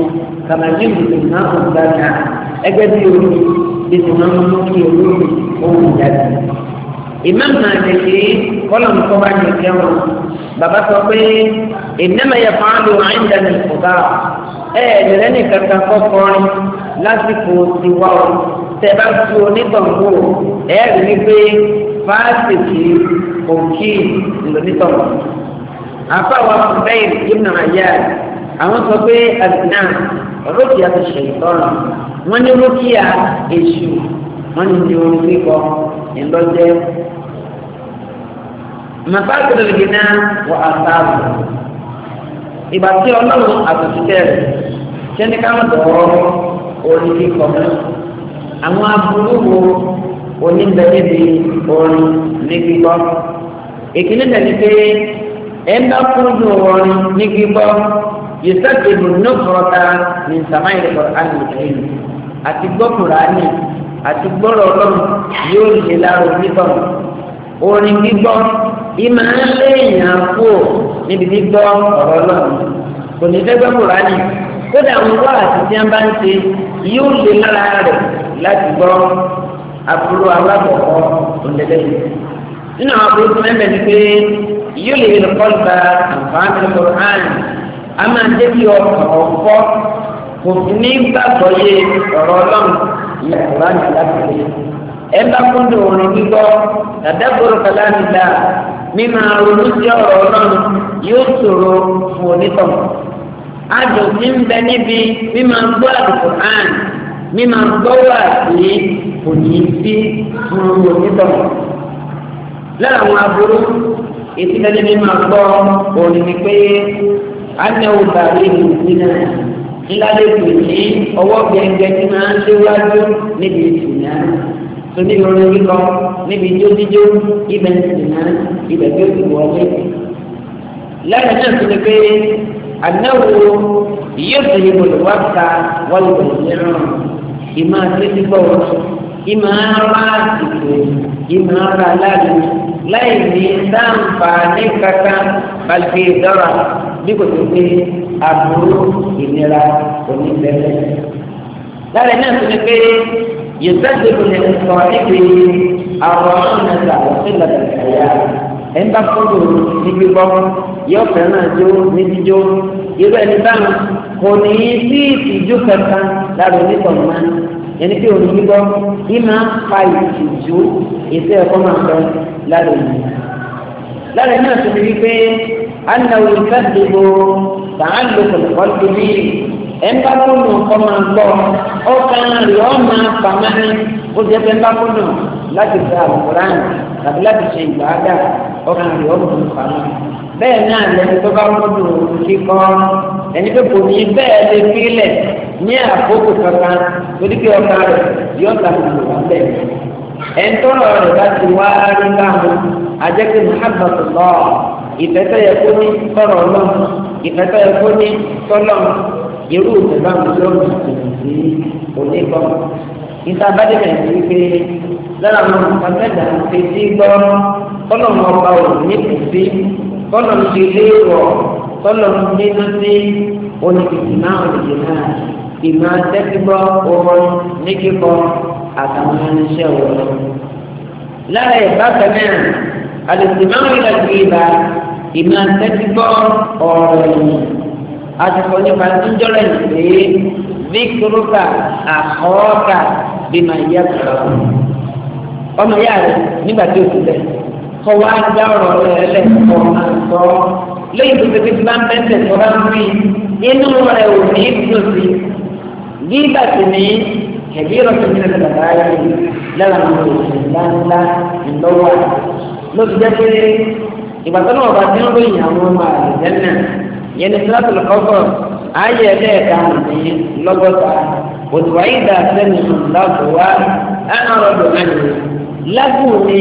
kàmáyé ìbùkún náà kò gbà náà ẹgbẹ́ bí omi bí ti máa ń mú kí olómi òun jáde. ìmọ̀ màdì kì í kọ́lọ̀ nǹkan bá jẹ kẹwọn bàbá sọ pé ìnáma yẹ fún àlù àìndàní ìfọ̀gá ẹ ẹ̀dẹ̀rẹ́ nìkan kan kọ́kọ́ lásìkò tiwa o tẹ bá tu onítọ̀gbò ẹ̀ẹ́dì ní pé fásitì òkì ńlọ nítọ̀gbò afáwa bẹ́ẹ̀ ibùdó àyà àwọn sọ pé àgbìnà rúkìá ti ṣe ìtọ́nà wọ́n ní rúkìá èṣù wọ́n ní ní orin kíkọ ìlọ́jẹ́. màbáàkì lè gbìnà wọ àtàbù ìgbà tí ọlọ́run àtúntẹ̀ rẹ̀ ṣé ní káwọn tọ̀rọ̀ orin kíkọ náà àwọn aburú wo oníbẹ̀ẹ́bí orin ní kíkọ. ìkíní tẹ̀lé pé ẹ̀dá kúndù wọ̀nyí ní gbígbọ́ yìí nọ́fọ̀rọ̀ta ní sàmáyé kọ̀ọ̀ánì ìkẹyìn àti gbọ́kùnrin àní àti gbọ́rọ̀ ọlọ́run yóò lè lára onígbọ́ orin gbígbọ́ ìmọ̀ ẹlẹ́yìn àpò níbi gbígbọ́ ọ̀rọ̀ ọlọ́run kò ní fẹ́ gbọ́kùnrin àní kódà ń wá àti tí wọ́n bá ń ṣe yóò lè lára rẹ̀ láti gbọ́ àbúrò alábọ̀ọ́ òǹdẹ̀dẹ̀ yìí nínú àwọn àbúrò tó mẹ́mẹ́ ni pé yóò lè lè kọ́ gba àǹfààní Qur'an a máa ń débi ọkọ̀ ọ̀fọ́ kò sí ní gbàgbọ́ yé ọ̀rọ̀ ọlọ́run yẹ Qur'an láti lè. ẹ bá kúndùn òun gbígbọ́ tadabbur kalamillah mímọ ronú sí ọ̀rọ̀ ọlọ́run yóò ṣòro fún onítàn. adùn ti ń bẹ níbi mímọ gbọ́ Qur'an mímọ gbọ́ wà sí kò ní í sí fún onítàn. lára àwọn aburú ìtìlẹ́ni mi máa gbọ́ òní ni pé anáwó bàálù ìlú náà ńláde tù ní ọwọ́ gbẹ̀ngẹ̀ tí máa ń léwájú níbi ìsìnà tóní orin kíkọ níbi jójíjó ibẹ̀ ìsìnà ibẹ̀ tó ti wọlé. lẹ́yìn náà tó ní pé anáwó yóò tó yẹ bọ̀dọ̀ wá ta wọ́n lè bọ̀dọ̀ mìíràn ìmáa tó ti gbọ́ ìmáa rárá ìmọ̀ ara aláàbò láì ní sáǹfà ní kankan balùwẹ̀ dọ́ra bí kò tó pé àbúrò ìnira oníbẹ̀rẹ̀. lára náà tó ní pé yòtẹ́sìkò ní sọ níbi àwọn ọ̀nàdà òṣèlú àtàkàyà ẹ̀ ń bá kúrò ní gbígbọ́ yóò fẹ́ràn àjò ní jíjó irú ẹni báwọn kò ní í sí ìtìjú kankan lára onítọ̀ yẹn pé òun yíbọ yí máa ń fa ìtìjú ìfẹ́ ẹ̀kọ́ máa ń lọ lára òun. lára náà tó ti rí pé anáwó ìfẹ́dìbò tàà ló kọ̀lọ̀kọ̀ ti rí ẹ̀ńbá ọkọ̀ máa ń gbọ́ ọkàn rẹ̀ ọ́ máa fàmà ní ó jẹ́ pé ẹ̀ńbá láti fi àwòrán tàbí láti ṣe ìgbà bẹ́ẹ̀ náà lẹni tó bá mọ́dù kíkọ́ ẹni tó kò ní bẹ́ẹ̀ lè fílẹ̀ ní àkókò kankan torí pé ọkà rẹ̀ yóò ta kùkù wá bẹ́ẹ̀. ẹni tó rọ̀ rẹ̀ bá ti wá rí báwọn ajẹ́kẹ́ muhammadu lọ ìfẹ́tọ́ yẹ kó ní tọ̀rọ̀ lọ ìfẹ́tọ́ yẹ kó ní tọ́lọ̀ irú ìfẹ́tọ́ yóò ti tẹ̀lé sí onígbọ̀n. ìta bá dé bẹ̀rẹ̀ sí pé lára àwọn ti dí gbọ́ tọ́lọ̀ mọ́ tọ́lọ̀ ń di ilé wọ̀ tọ́lọ̀ ń nínú sí oníkìtìmá oníkìtìmá ìmọ̀ tẹ́kíbọ́ ọmọ ní kíkọ́ àtàwọn irinṣẹ́ wọn. lára ìbákan náà àlùsìmọ́ ìlà sí ibà ìmọ̀ tẹ́kíbọ́ ọ̀rọ̀ ẹ̀yìn àtìkọ́ nípa túnjọ́rẹ̀ ìpè víkúrúkà àkọ́ọ́kà bímọ ìyá kan ọmọ yára nígbà tí ó ti bẹ̀rẹ̀ kọ́ wá dá ọ̀rọ̀ rẹ̀ lẹ́kọ̀ọ́ àtọ́ lẹ́yìn tó tètè ti bá ń bẹ́sẹ̀ tó bá ń rí inú rẹ̀ ò ní tòsí nígbà tí ní ẹ̀bí ìrọ̀tí ní ẹ̀sẹ̀ bàbá yìí lára àwọn òṣèlú ńláńlá ìlọ́wọ́ ló ti jẹ́ pé ìbátan náà bá ti ń ròyìn àwọn ọmọ àgbẹ̀ náà yẹn ní sílátì lọ́kọ́ ayé ẹlẹ́ẹ̀ka ní lọ́gọ́ta òtùwáyé dà sẹ́ni lọ́gọ́wá ni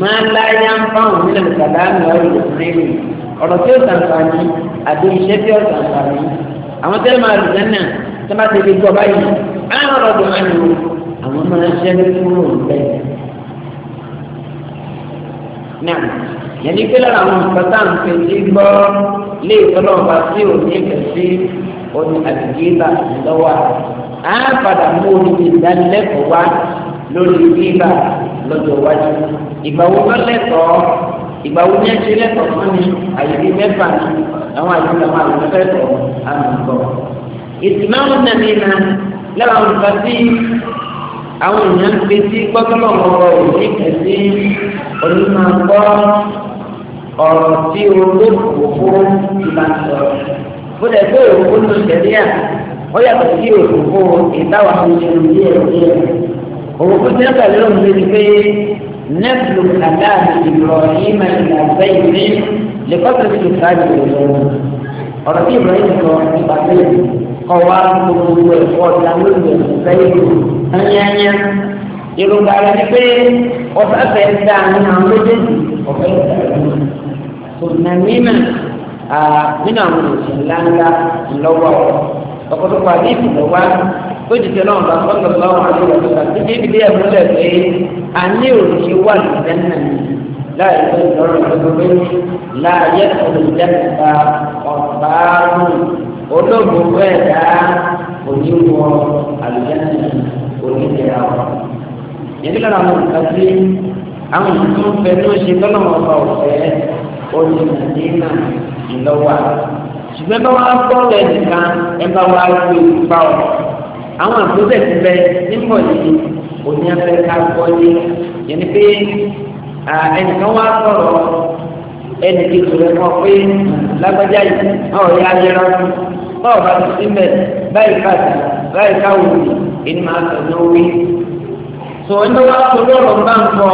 máa láyá ń fáwọn nílẹ̀ kàdáàmì ọ̀rọ̀ ìdòtúnrẹ́rì ọ̀rọ̀ tí ó sàǹfààní àti iṣẹ́ tí ó sàǹfààní àwọn tẹ́lẹ̀ máa lù sẹ́nà tí wọ́n bá ti di gbọ́ báyìí àwọn ọ̀rọ̀ tó máa lò àwọn máa ń ṣẹ́ kúrò bẹ́ẹ̀. náà yẹn ní pé lára àwọn nǹkan tá à ń pè sí gbọ́ lé ìtọ́lọ́wọ́ bá sí òní ẹ̀kẹ́ sí òní àtìgé lórí bíbà lọ́jọ́ wájú. Ìgbà wo lọ lẹ́tọ̀ọ́? Ìgbà wo ní ẹ̀ṣẹ̀ lẹ́tọ̀ọ́ fún mi? Àyèké mẹ́fà ni àwọn àyèké àwọn àyèké lẹ́tọ̀ọ́ àmọ̀kọ́. Ìsìmáwò nàmi na lẹ́wọ̀n olùkọ́ sí àwọn èèyàn ń gbé sí gbọ́dọ̀ ọ̀rọ̀ òní kẹ̀sí onímọ̀ ọ̀rọ̀ tí olóòkú fún ìbáṣọ. Bódà pé òkú ló ṣẹlẹ̀ à, ó yàtọ̀ sí òkú fún ìtawà òwò tó tẹ́lẹ̀ pẹ̀lú òun lè ní pé nẹ́fìlù aláàbò Ibrahim ìlànà ìlú lẹ́kọ́tà ti sáájú ìlú ọ̀rọ̀ tí Ibrahim sọ nípa pé kọ́wá gbogbo ẹ̀kọ́ ọ̀dà lórí ẹ̀kọ́ sẹ́yìn tányányá ìrùbà rẹ̀ ni pé ọ̀sá fẹ́ dá nínú àwọn méjèèjì ọ̀fẹ́ ìdàgbàsókè nàmínà nínú àwọn òṣèlú ńláńlá ọ̀pọ̀lọpọ̀ àdéhùn ló wá ó jìjẹ náà bá fọ́nà lọ́wọ́ àdéhùn ọ̀dọ́ta tí bí ibi díẹ̀ múlẹ̀ pé a ní òní wà lùdẹ́ náà láàyè tó ń lọ́rùn gbogbo láàyè olùdẹ́ nípa ọ̀pá olóògbé ẹ̀dá òní wọ àlùdẹ́ náà òní jẹra wọn. yẹ́nì kan àwọn nǹkan tí àwọn ìdúró fẹ́ ló ṣe tọ́lọ́mọ ọba ọ̀fẹ́ òní nàìjíríà ìlọ́wọ́ mẹ́bà wá bọ́ lẹ̀ nìkan ẹ̀bà wá gbé ìgbà e ọ̀ àwọn àbúrò ti bẹ nípò yìí òní ẹ̀fẹ́ ká gbọ́ yé yẹn ni pé ẹnìkan wá sọ̀rọ̀ ẹnì kejì rẹ̀ kọ́ pé lágbájá yìí ọ̀ yá yẹra báwo bá ti sí mẹ́ báyìí káàdì báyìí káwò ẹni máa sọ ní orí. sọ ẹni wá sọ lọ́rọ̀ bá ń kọ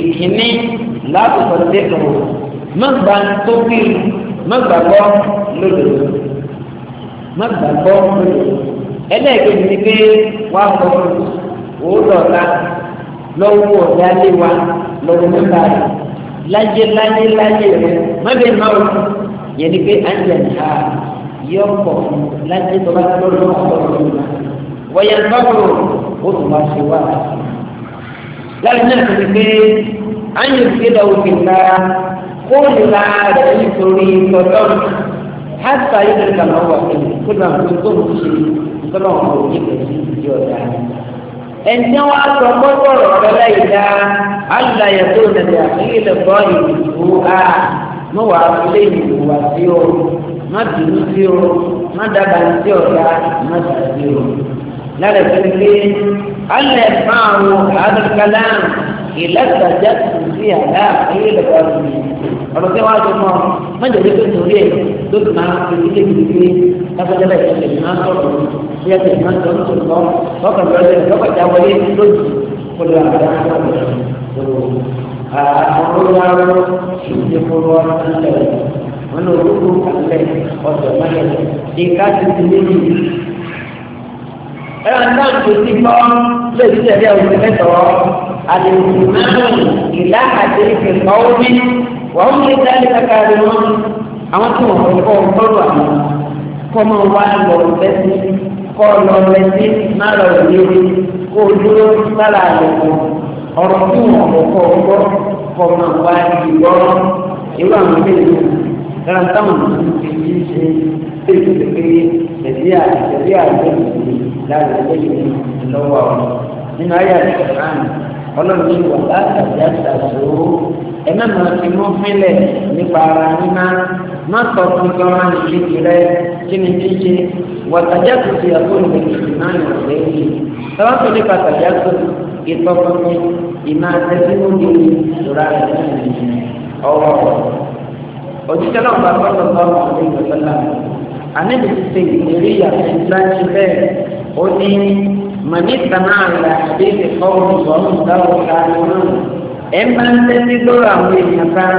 ìkíní láti sọ̀rọ̀ dé kàn wò má gbà tó bí má gbàgbọ́ lódodo má gbàgbọ́ lódodo ẹlẹ́ẹ̀kejì ni pé wà á kọ́ òwúrọ̀ ọ̀la lọ́wọ́ ọ̀dà lé wa lọ́wọ́ mẹ́ta rẹ̀ láyé láyé láyé rẹ̀ má bẹ́ẹ̀ má o yẹn ni pé àjẹ́ ha yọ pọ̀ láyé tó bá lọ́wọ́ lọ́wọ́ lọ́wọ́ wọ́yẹ o tún bá ṣe wá. láti náà ti di pé àyè ìgbéda òfin náà. خلق عادي سوري فتر حتى يدرك ما هو فيه كل ما تنظر شيء كل ما هو فيه جوزا إن جوا تمر عليك ألا يكون داخل طيب هو مو عليه هو سيور ما بيسيور ما دبا سيور ما سيور لا لكنك ألا يسمعوا هذا الكلام إلا سجدت فيها لا قيل قومي ọ̀rọ̀ tẹ́wọ́ àjọ mọ́ mẹ́jọ lé pẹ̀lú orí ẹ̀ lóṣù máa ń fi ilé ìlú gbé lásán lẹ́yìn ẹ̀sẹ̀ máa ń sọ̀rọ̀ bí ẹ̀sẹ̀ máa ń sọ̀rọ̀ tó lọ lọ́kàn lọ́lẹ̀ lọ́kàjá wọlé lójú kọlu àgbà àwọn olùdarí ìdíkòrò ọ̀sẹ̀ wọn lọ lóko àlẹ́ ọ̀sẹ̀ mẹ́lẹ̀ ìka ti ti léyìn ẹ̀rọ náà tó ti gbọ́ lóṣù tẹ̀lé ọ̀sẹ̀ mẹ́tọ̀ọ́ àdéhùn náà ìlà àdéhùn kẹ̀kọ́ ó ní wọ́n mú ìdá nípa káàdì wọn àwọn tí wọ́n kọ́ gbọ́dọ̀ àwọn kọ́ máa wá lọ lẹ́sí kọ́ lọ lẹ́sí má lọ lórí kó dúró sálà lọ́wọ́ ọ̀rọ̀ tí wọ́n kọ́ gbọ́ kọ́ máa wá ìgbọ́ irú àwọn mélòó rárá táwọn ọ̀nà ti fi ṣe ètò ìpínlẹ̀ ẹ̀dí àti ẹ̀dí àti ẹ̀dí láti ẹ̀dí lọ́wọ́ nínú ayé àti ìrànlọ́wọ́ ọlọ́run ní wà látàjà ṣàṣọ ẹ má máa fi mú fílẹ̀ nípa ara níná má sọ fún gbọ́nrán ní rẹ kí ni kí ṣe wàtàjà tó ti àbúrò rẹ kìí náà yàn rẹ yìí tọ́wọ́ tó nípa tàjà tó ìtọ́ fúnfún ìmá tẹ́tí mú mi ìṣòro ara rẹ nìyí ọwọ́ òjíṣẹ́ náà bá tọ́lọ̀ tọ́lọ̀ ọ̀rẹ́ ìgbẹ́sẹ̀ náà àníbi ti ṣe ìrírí àti ìdájí bẹ́ẹ̀ ó ní mọ̀ní sàmà àlà àdéhùn ìfọwọ́n ìfọwọ́n ìdáwọ̀ káàdùn náà ẹ máa ń tẹ́tí lórí àwọn èèyàn kan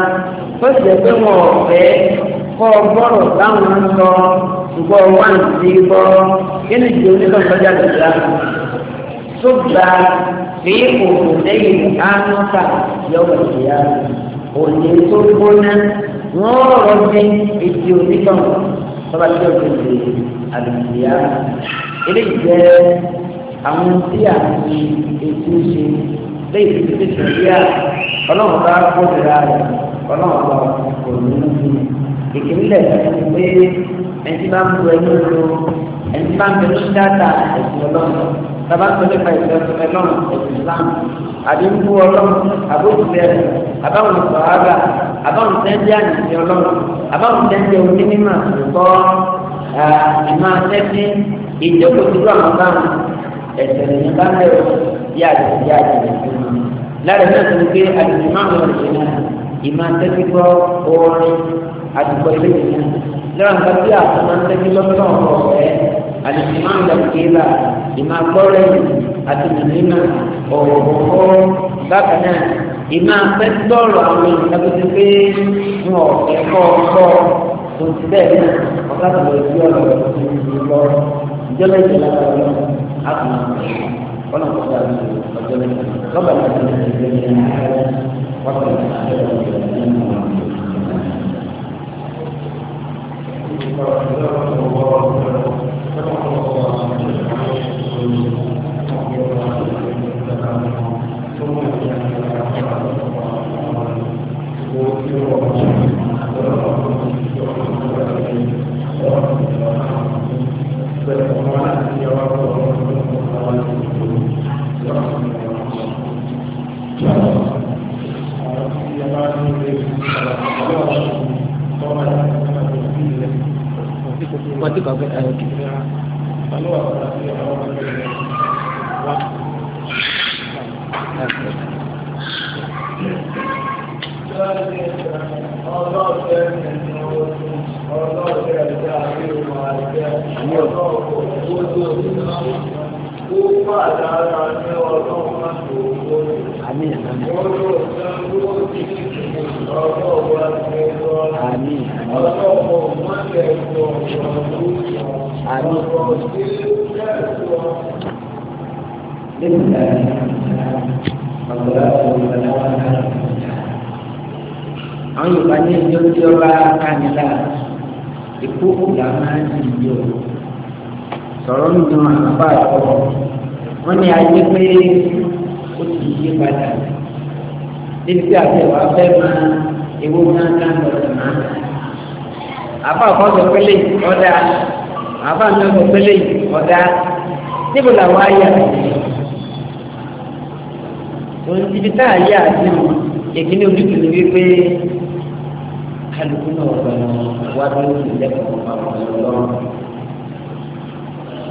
ó sì jẹ́ pé wọn ò fẹ́ kọ́ bọ́rọ̀ táwọn ń sọ ṣùgbọ́n wà ní ti bọ́ kí ni ìdí oníkan sọ́jà lè dá tó gba fi òkú lẹ́yìn ánúfà yọ̀wọ̀ ìyá òní tó gbóná wọ́n rọ̀ sí ìdí oníkan sọ́jà lè dá àlùfíà eléyìí jẹ́ àwọn tí a ti ètò ṣe lẹ́yìn tí tètè bí a ọlọ́run bá kó ìlera rẹ̀ ọlọ́run bá kò ní í fi ìkíńlẹ̀ pé ẹni tí bá ń bu ẹni lò ẹni tí bá ń bẹnu dáta ẹ̀sìn ọlọ́run bàbá tó nípa ìfẹ́sọ̀ ẹlọ́run ẹ̀sìn Islam àbí ń bu ọlọ́run àbókùnrin ẹ̀sìn àbáwọn sọ̀hábà àbáwọn sẹ́ńdí àyìnbí ọlọ́run àbáwọn sẹ́ńdí onímọ̀ ìkọ́ ìmọ̀ àtẹ́sí ìjókòó ẹ̀sẹ̀ ní bá náà yọ bí àdìsí bí àdìsí fún un. lára náà tó ń gbé àdìsí máa ń wọlé náà ìmọ̀ àtẹ́tí gbọ́ orin àdìgbò ilé ìlú náà. lára nǹkan bí àwọn máa ń tẹ́tí lọ́sọ̀ ọ̀rẹ́ àdìsí máa ń lọ kéèlà ìmọ̀ àgbọ́rẹ́ àti nìyíma ọ̀rọ̀ bákan náà ìmọ̀ àpẹ́tọ́rọ̀ àwọn ìtàkùtù jọba ìjọba àwọn ọmọ àkùnà wọn kò sáà ní ọjọ́ mẹ́ta lọba ìjọba ìjọba ìjọba ìjọba ìjọba wọn kò sáà ní ọjọ́ mẹ́ta. Thank you. máa ti kàwé ẹ̀ kí. Àmín. Àmín. Àmín. Àmì. Àwọn Yorùbá ní ìjọ tí ọba Kánilá ìkó kùlà máa ń di ìjọ. Sọ̀rọ̀ ń dun àbá àkọ́. Wọ́n ní ayé pé ó ti yí padà. Níbi tí àti ẹ̀wà fẹ́ máa ewu máa ń dáná lọ àbá kan sọ pélé ọ̀dà àbá mi sọ pélé ọ̀dà níbo làwọn ayé àtìlẹ́yìn òun ti fi táà yé àtìlẹ́yìn ìkíní ojútùú wípé kálukú náà gbọ́n wá bí ó ti lẹ́kọ̀ọ́ pàpọ̀ lọ́wọ́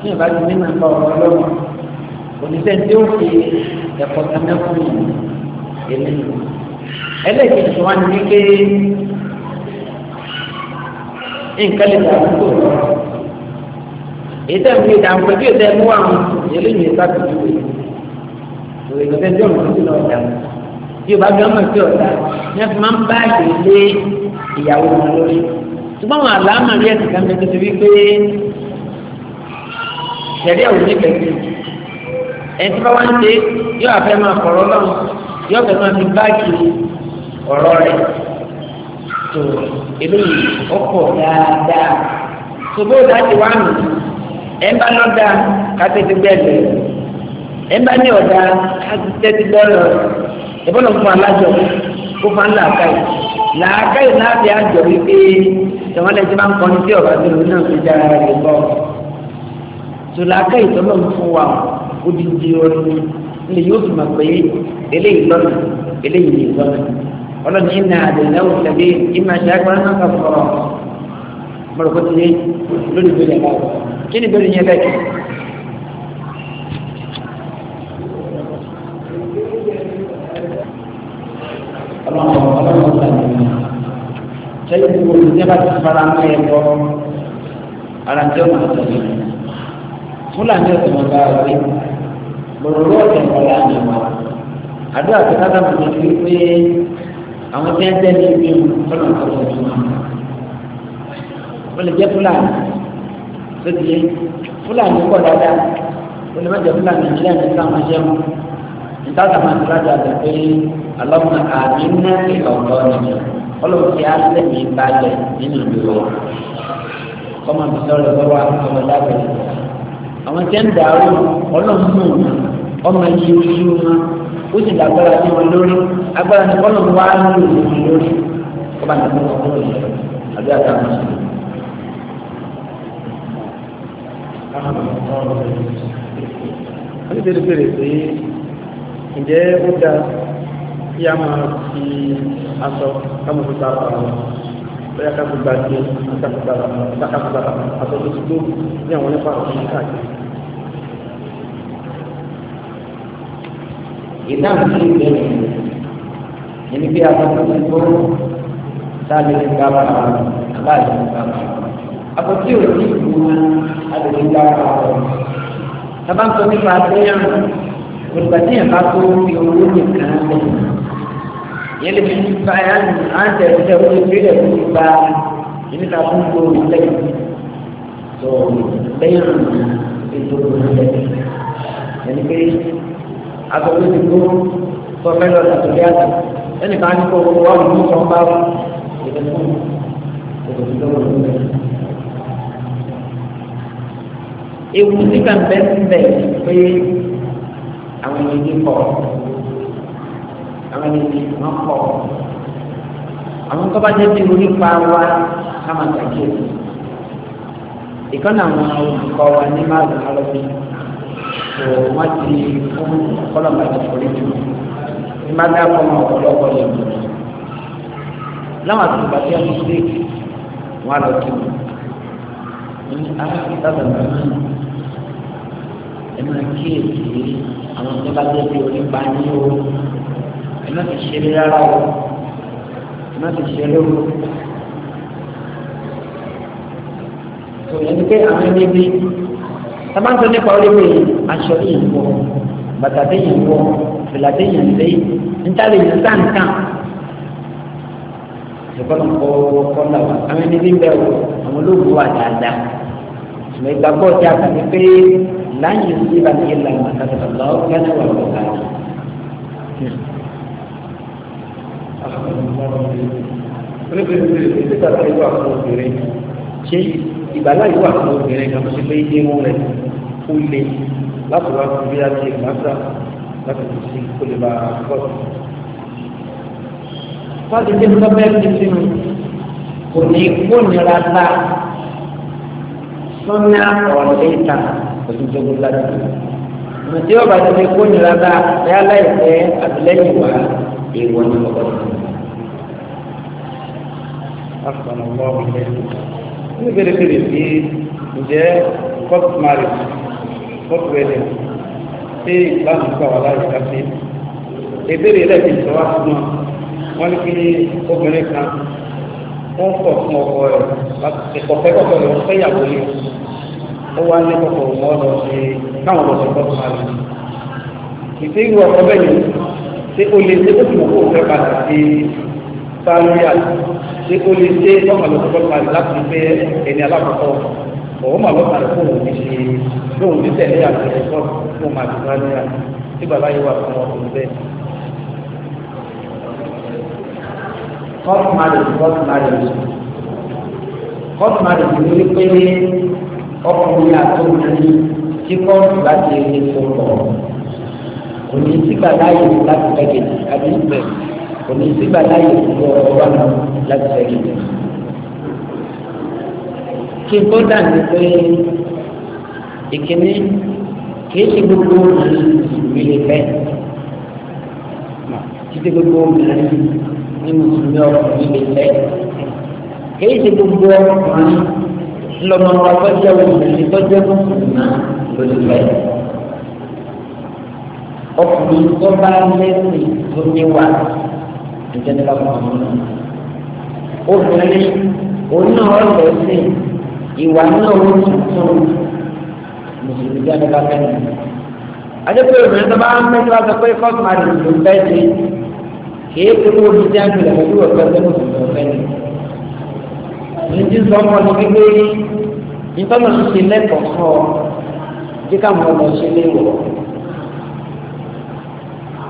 ní ìbá ti mímọ̀ nípa ọ̀rọ̀ lọ́wọ́ oníṣẹ́ fi ẹ̀kọ́ kan fún yìí èmi ẹlẹ́ẹ̀kejì tó wípé nǹkan lè dà àdúgbò lọ. ètò ìpè ìdààmú bí ètò ẹnu àwọn eléyìí So àtúntò ìwé ìgbésẹ̀ tí ọ̀nà tó lọ dà bí o bá gbé ọmọ sí ọ̀dà ní ẹ̀fọ́ máa ń bá àyè lé ìyàwó wọn lórí. ṣùgbọ́n àwọn àlámà rí ẹ̀sìn kan tó ti wípé ṣẹ̀rí ẹ̀wò ní pẹ̀lú ẹni tí bá wá ń ṣe yóò àfẹ́ máa kọ̀rọ̀ lọ́rùn yóò fẹ́ máa fi báàgì ọ̀rọ̀ rẹ̀ tó eléyìí ọkọ̀ dáadáa ṣùgbọ́n láti wá nù ẹ̀ ń bá lọ́dà kátẹ́tí gbẹ̀lẹ̀ ẹ̀ ń bá ní ọ̀dà kátẹ́tí gbẹ̀lẹ̀ ẹ̀bọ́n lọ fún alájọ kó fún aláàká yìí làákà yìí láti àjọ wípé ìwọ́n lẹ́sìn máa ń kọ́ ní tí ọ̀rọ̀ àti ìròyìn náà fi dára rẹ̀ bọ̀ tó làákà yìí tọ́lọ́ fún wa odidi ọdún ilé yóò fi mọ̀ pé eléyìí lọ́nà eléyìí lọ́nà ọlọ́ni iná àdìlẹ́wò tẹ̀lé ìmọ̀ ẹ̀ṣẹ̀ agbára náà kàn sọ̀rọ̀ mọ̀lùkọ́ ti yé lórí ìbéèrè náà kí ni ìbéèrè yẹn bẹ́ẹ̀ kì í. ọlọ́run ọlọ́run ọ̀sán ni sẹ́yìn tí wọ́n ti bá ti fara mọ́ ẹ lọ ara àwọn tí wọ́n tẹ́ ní ibi ọ̀nà ọ̀tọ̀ tó máa wọ́n lè jẹ́ fúlàní tó ti yé fúlàní pọ̀ dáadáa wọ́n lè má jẹ́ fúlàní ìjìnlẹ̀ ní sáwọn ṣẹ́ mu ìtàkà máa ń tọ́jú àgbẹ̀ pé alọ́mọ àmì ń ná ìlà ọ̀dọ́ nìyẹn ọlọ́run ti á lẹ́yìn ìbàjẹ́ nínú ìlú wọn kọ́mọ bisọ́rọ̀ lọ́wọ́ àwọn dábẹ́ àwọn tẹ́ ń dàrú ọlọ́run ọmọ yìí ojú wọn ó sì lágbára ní wọn lórí agbára ní kọ́nà wá ní òṣèlú lórí kó bá nàá mọ́ ọ́ lórí àbí àtàwọn ọ̀sẹ̀. Wọ́n ti tẹ́lẹ̀ bèrè pé ǹjẹ́ ó da kí a máa fi aṣọ káwọn fi bá àwọn bóyá káwọn fi gbà dé káwọn fi aṣọ tó ti tó ní àwọn nípa àwọn ọmọ ìdáhùn sí ìbéèrè ẹni bí abọ́tí tó sáré nígbà máa aláàjì nígbà máa abọ́tí ò ní ìlú àdéhùn nígbà máa sábà ń sọ nípa àdéhùn olùgbà tí yẹn bá tó fi owó nìkan lẹ́yìn yẹn lè fi nípa ẹ̀ á ń tẹ̀lé tẹ̀ ó lè fi rẹ̀ fún nípa ìníta fún gbòòrò lẹ́yìn tó lẹ́yìn ètò ìrìnlẹ̀ ẹni pé agbọ̀wé ti kú fọmẹ́lọ àtúndé àti ẹnì kan ní kó wọ́n wọ́n mú sọ́n bá wọn ìdè fún òdòdó lọ́wọ́ lọ́wọ́ ewu tí kà ń bẹ́ síbẹ̀ pé àwọn ènìyàn kọ̀ àwọn ènìyàn wọn kọ̀ àwọn tó bá jẹ́ bí onípa wa ká máa tàkì ìkànnì àwọn olùkọ́ wa ní máàlù alọ́bí wọ́n ti fún ọlọ́mọ ti forí jù ní má dá fún ọmọ ọlọ́pọ̀ yẹn mú láwọn àti ìgbà tí a ti dé wọn á lọ kí wọn ní aláàbàbà náà ẹ máa kíyèsí àwọn tó bá dé bí onípa ní o ẹ má ti ṣeré rárá o ẹ má ti ṣeré o tòun ẹni pé àwọn ẹni bí sábà ń sọ nípa orí mi yìí aṣọ yìí wọ bàtà téèyàn wọ fìlà téèyàn lé níta lè yàn sáǹkàn ìkọlù kọ́ kọ́lá wa àwọn ẹni tí ń bẹ̀rù àwọn olóògùn wà dáadáa ṣùgbọ́n ìgbàgbọ́ ti àkàtì pé láyé sí ìbàdí ìlànà àtàkùn lọ́wọ́ gánà wà lọ́wọ́ káàdì. ṣé ìgbàláyé wà fún obìnrin kan tó ṣe pé irun rẹ̀ ó le láti wá sí bí a ti ìgbàsá láti fi sí kó lè bá a pọ̀. Fáàlì tí wọ́n bẹ́ẹ̀ ti sínú kò ní kó nira ta sọ́nà ọ̀rẹ́ ìta pẹ̀lú jogún láti. Màtí ọ̀bà ti fi kó nira ta ẹ̀yà àtìlẹ́yìn wá èèwọ̀ ní ọ̀pọ̀. Asọ̀nà wọ́n wọlé. Ní bèrè bèrè sí ǹjẹ́ court marriage sọ́tù ẹ̀lẹ̀ ṣé ìsìlámù gbà wà láyé káfí ìbéèrè lẹ́ẹ̀kì ìṣọwá fún wọn wọ́n ní kí obìnrin kan wọ́n kọ̀ fún ọkọ rẹ̀ ìkọ̀fẹ́ kọ̀kọ̀ rẹ̀ wọ́n fẹ́yàwó ni ó wá ní kọ̀kọ̀ mọ́ lọ sí káwọn lọ sí kọ́tù máa lè ìṣe irú ọkọ bẹ́ẹ̀ ni ṣé o lè ṣe kókò kó o fẹ́ padà sí sáríà ṣé o lè ṣe kọ́kọ̀ lọ sí kọ́tù máa lè láti fẹ́ ẹni alákọ̀ọ́kọ́ òun màá lọ́ta kó òun ti ṣe lóun ti tẹ̀lé àtẹ̀lé kọ́ kó máa ti máa níyà tí bàbá yìí wà fún ọkùnrin bẹ́ẹ̀. court marriage court marriage court marriage ni wípé ọkùnrin àtọ́kùnrin tí kọ́ọ̀tù bá ti ṣe tó pọ̀ kò ní sígbà láàyè láti fẹ́ kejì àbí ìgbẹ́ kò ní sígbà láàyè lọ́wọ́ wa láti fẹ́ kejì kí n tó dà ní pé ìkíní kìí ṣe gbogbo mùsùlùmí lè fẹ́ kìí ṣe gbogbo obìnrin ní mùsùlùmí ọkùnrin lè fẹ́ kìí ṣe gbogbo ọkùnrin lọ́mọ wa tọ́jú obìnrin tọ́jú mùsùlùmí ló lè fẹ́ ọkùnrin tó bá lẹ́sìn tó níwà ìjẹ́nìlá kan obìnrin oníhàn lẹ́sìn ìwà náà ó ti tún mùsùlùmí jáde bá fẹ́ mi. adékòwé obìnrin tó bá ń mẹ́tí wá sọ pé first marriage ló fẹ́ ṣe kìí ṣe kó omi jẹ́ àgbẹ̀lẹ̀ pẹ̀lú ọ̀fẹ́ tó mùsùlùmí ọ̀fẹ́ ni. ní ti sọ ọmọ ní gbígbé ìtọ́nà ń ṣe lẹ́kọ̀ọ́ fún ọ bí káwọn ọmọ ṣe lé wọ̀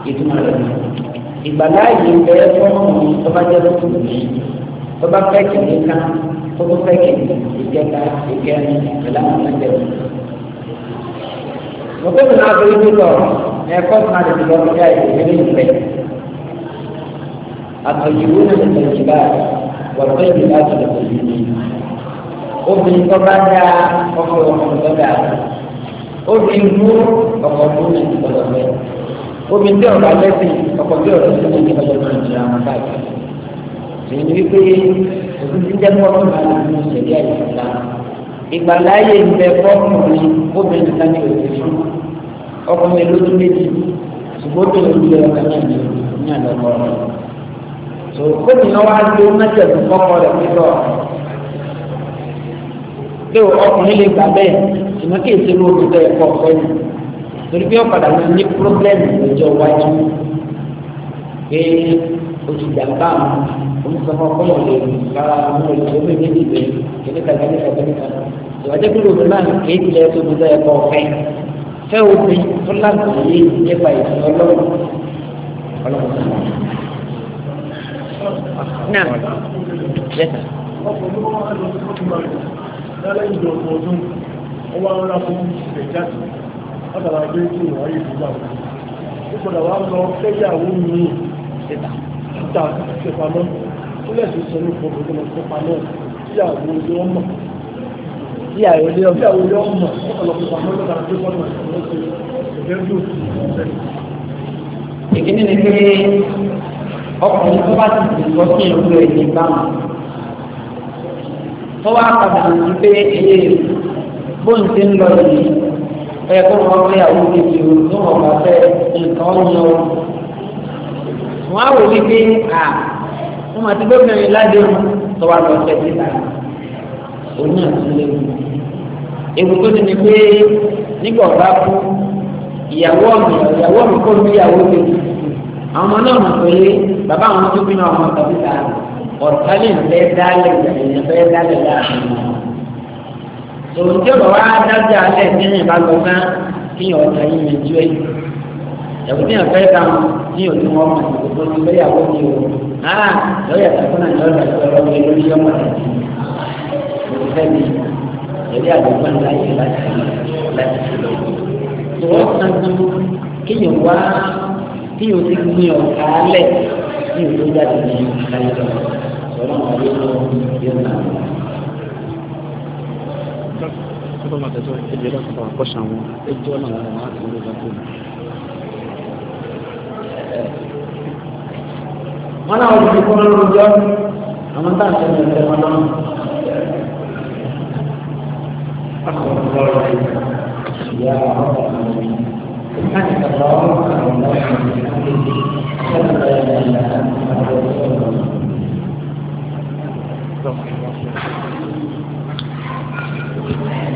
ìtumọ̀ rẹ̀ ìgbàláyé bẹ́ẹ̀ fọ́ọ̀mù tó bá jẹ́ tó bá kótó pẹ́kì ìkẹta ìkẹrin ìlànà ìjẹun. mo fẹ́ fún aṣọ ìlú lọ ní ẹ̀kọ́ tí máa tètè lọ sí àìsí ìlú ìfẹ́. àtọ̀yìnwó náà ti tẹ̀lé bá wọ́n fẹ́ ìlú láti lọ sí ìlú. obìnrin tó bá dá ọkọ̀ ọkùnrin tó dá obìnrin mú ọkọ̀ ọkùnrin ti tọ̀dọ̀ fẹ́. obìnrin tí ọ̀rọ̀ alẹ́ sìn ọkọ̀ tí ọ̀rọ̀ sìn ní ọjọ́ náà ti ra wọn báyìí. èyí ni wípé òtún ti jẹ́ fọ́ọ̀mù àti ìlú ìṣẹ̀lẹ̀ ìṣẹ̀lá ìgbàláyè ń bẹ fọ́ọ̀mù ní obìnrin kan ní òṣèlú ọkùnrin lójú méjì ṣùgbọ́n tó ń lé ọkàn náà ní ní àlọ́kọ́ rẹ̀ tó gómìnà wa ló mẹ́tẹ̀ẹ̀tì kọ́kọ́ rẹ̀ pípọ̀ pé ọkùnrin lè gbà bẹ́ẹ̀ ṣùgbọ́n kí èsì ló dúdú ẹ̀kọ́ ọ̀kọ́ yìí torí bí ọ̀padà ní oṣù jàmbá onísọfọ kọlọ lè bára àwọn olùdókòwò méjì lè kéde kàkà ní kàkà ní kàkà ìwádìí kúrò fún náà kéé tilẹ̀ tó gbé bẹ́ẹ̀ kọ́ fẹ́ fẹ́ obìnrin tó lágbàá yé nípa ìfẹ́ ọlọ́run ọlọ́run náà. náà yẹta. ọwọ́ àwọn ọlọ́run ṣẹ̀ jáde látara gbé kí ìwáyé ìdíjà wọn. ó padà wá lọ títà ṣe pamọ́ tó lẹ́sìn sọ ní fún ọdún ọdún pamọ́ tí àwọn olè wọn mọ̀ tí àwọn olè wọn mọ̀ ọ̀pọ̀lọpọ̀ pamọ́ lọ́dà tó pamọ́ ìkíní ni pé ọkùnrin tó bá ti dìbò sí ìlú ẹ̀yìn ìbámu tó wá padà ní pé èyí bóun ti ń lọ yìí ẹ̀kọ́ wọn fẹ́ àwọn òkèèjì tó wọn bá fẹ́ nǹkan wọ́n á wò ní pé à wọ́n máa ti gbẹ́bìnrin ládé wọn tó wà lọ sẹ́ síta òun náà tún lé wọn. ewu tó ti ní pé nígbà ọ̀bá kú ìyàwó mi ìyàwó mi kó mi ìyàwó mi àwọn ọmọ náà mọ̀ pé bàbá àwọn tó bí náà wọn sọ síta ọ̀tálẹ̀ ńlẹ̀ dálẹ̀ ìyẹn fẹ́ dálẹ̀ láàrin wọn. tòun tí ọ̀rọ̀ wa dájú alẹ́ ní ìbálòpọ̀ kí ọ̀tá yìí yanjú ẹ̀yìn ẹ̀wù ní ọ̀fẹ́ kan ní òtún wọn mọ̀ gbogbo ní ìgbéyàwó ní o náà lọ́yà tàkùnà ní ọ̀rọ̀ àti ọ̀rọ̀ mi lórí ọmọ rẹ̀ ní òfẹ́ mi ẹ̀rí àdúgbò láyé láti láti fi lọ. ìwọ kankan kéèyàn wá kéèyàn ti gbin ọ̀gá lẹ̀ ní òtún jáde ní ìgbéyàwó lọ sọ̀rọ̀ àwọn yóò lọ yóò nà lọ. Sọ́kọ́ máa tẹ̀sọ́ ẹjọ́ ìdáhùn àwọn akọ́ṣà wọn ẹjọ́ náà wọn á ti wọlé lọ́kùnrin wọn náà wọ́n ti fún ọlọ́run jọ àwọn tá à ń sọ ní ẹ̀sẹ̀ wọn náà. يا رب العالمين سبحانك اللهم وبحمدك اشهد ان لا اله الا انت استغفرك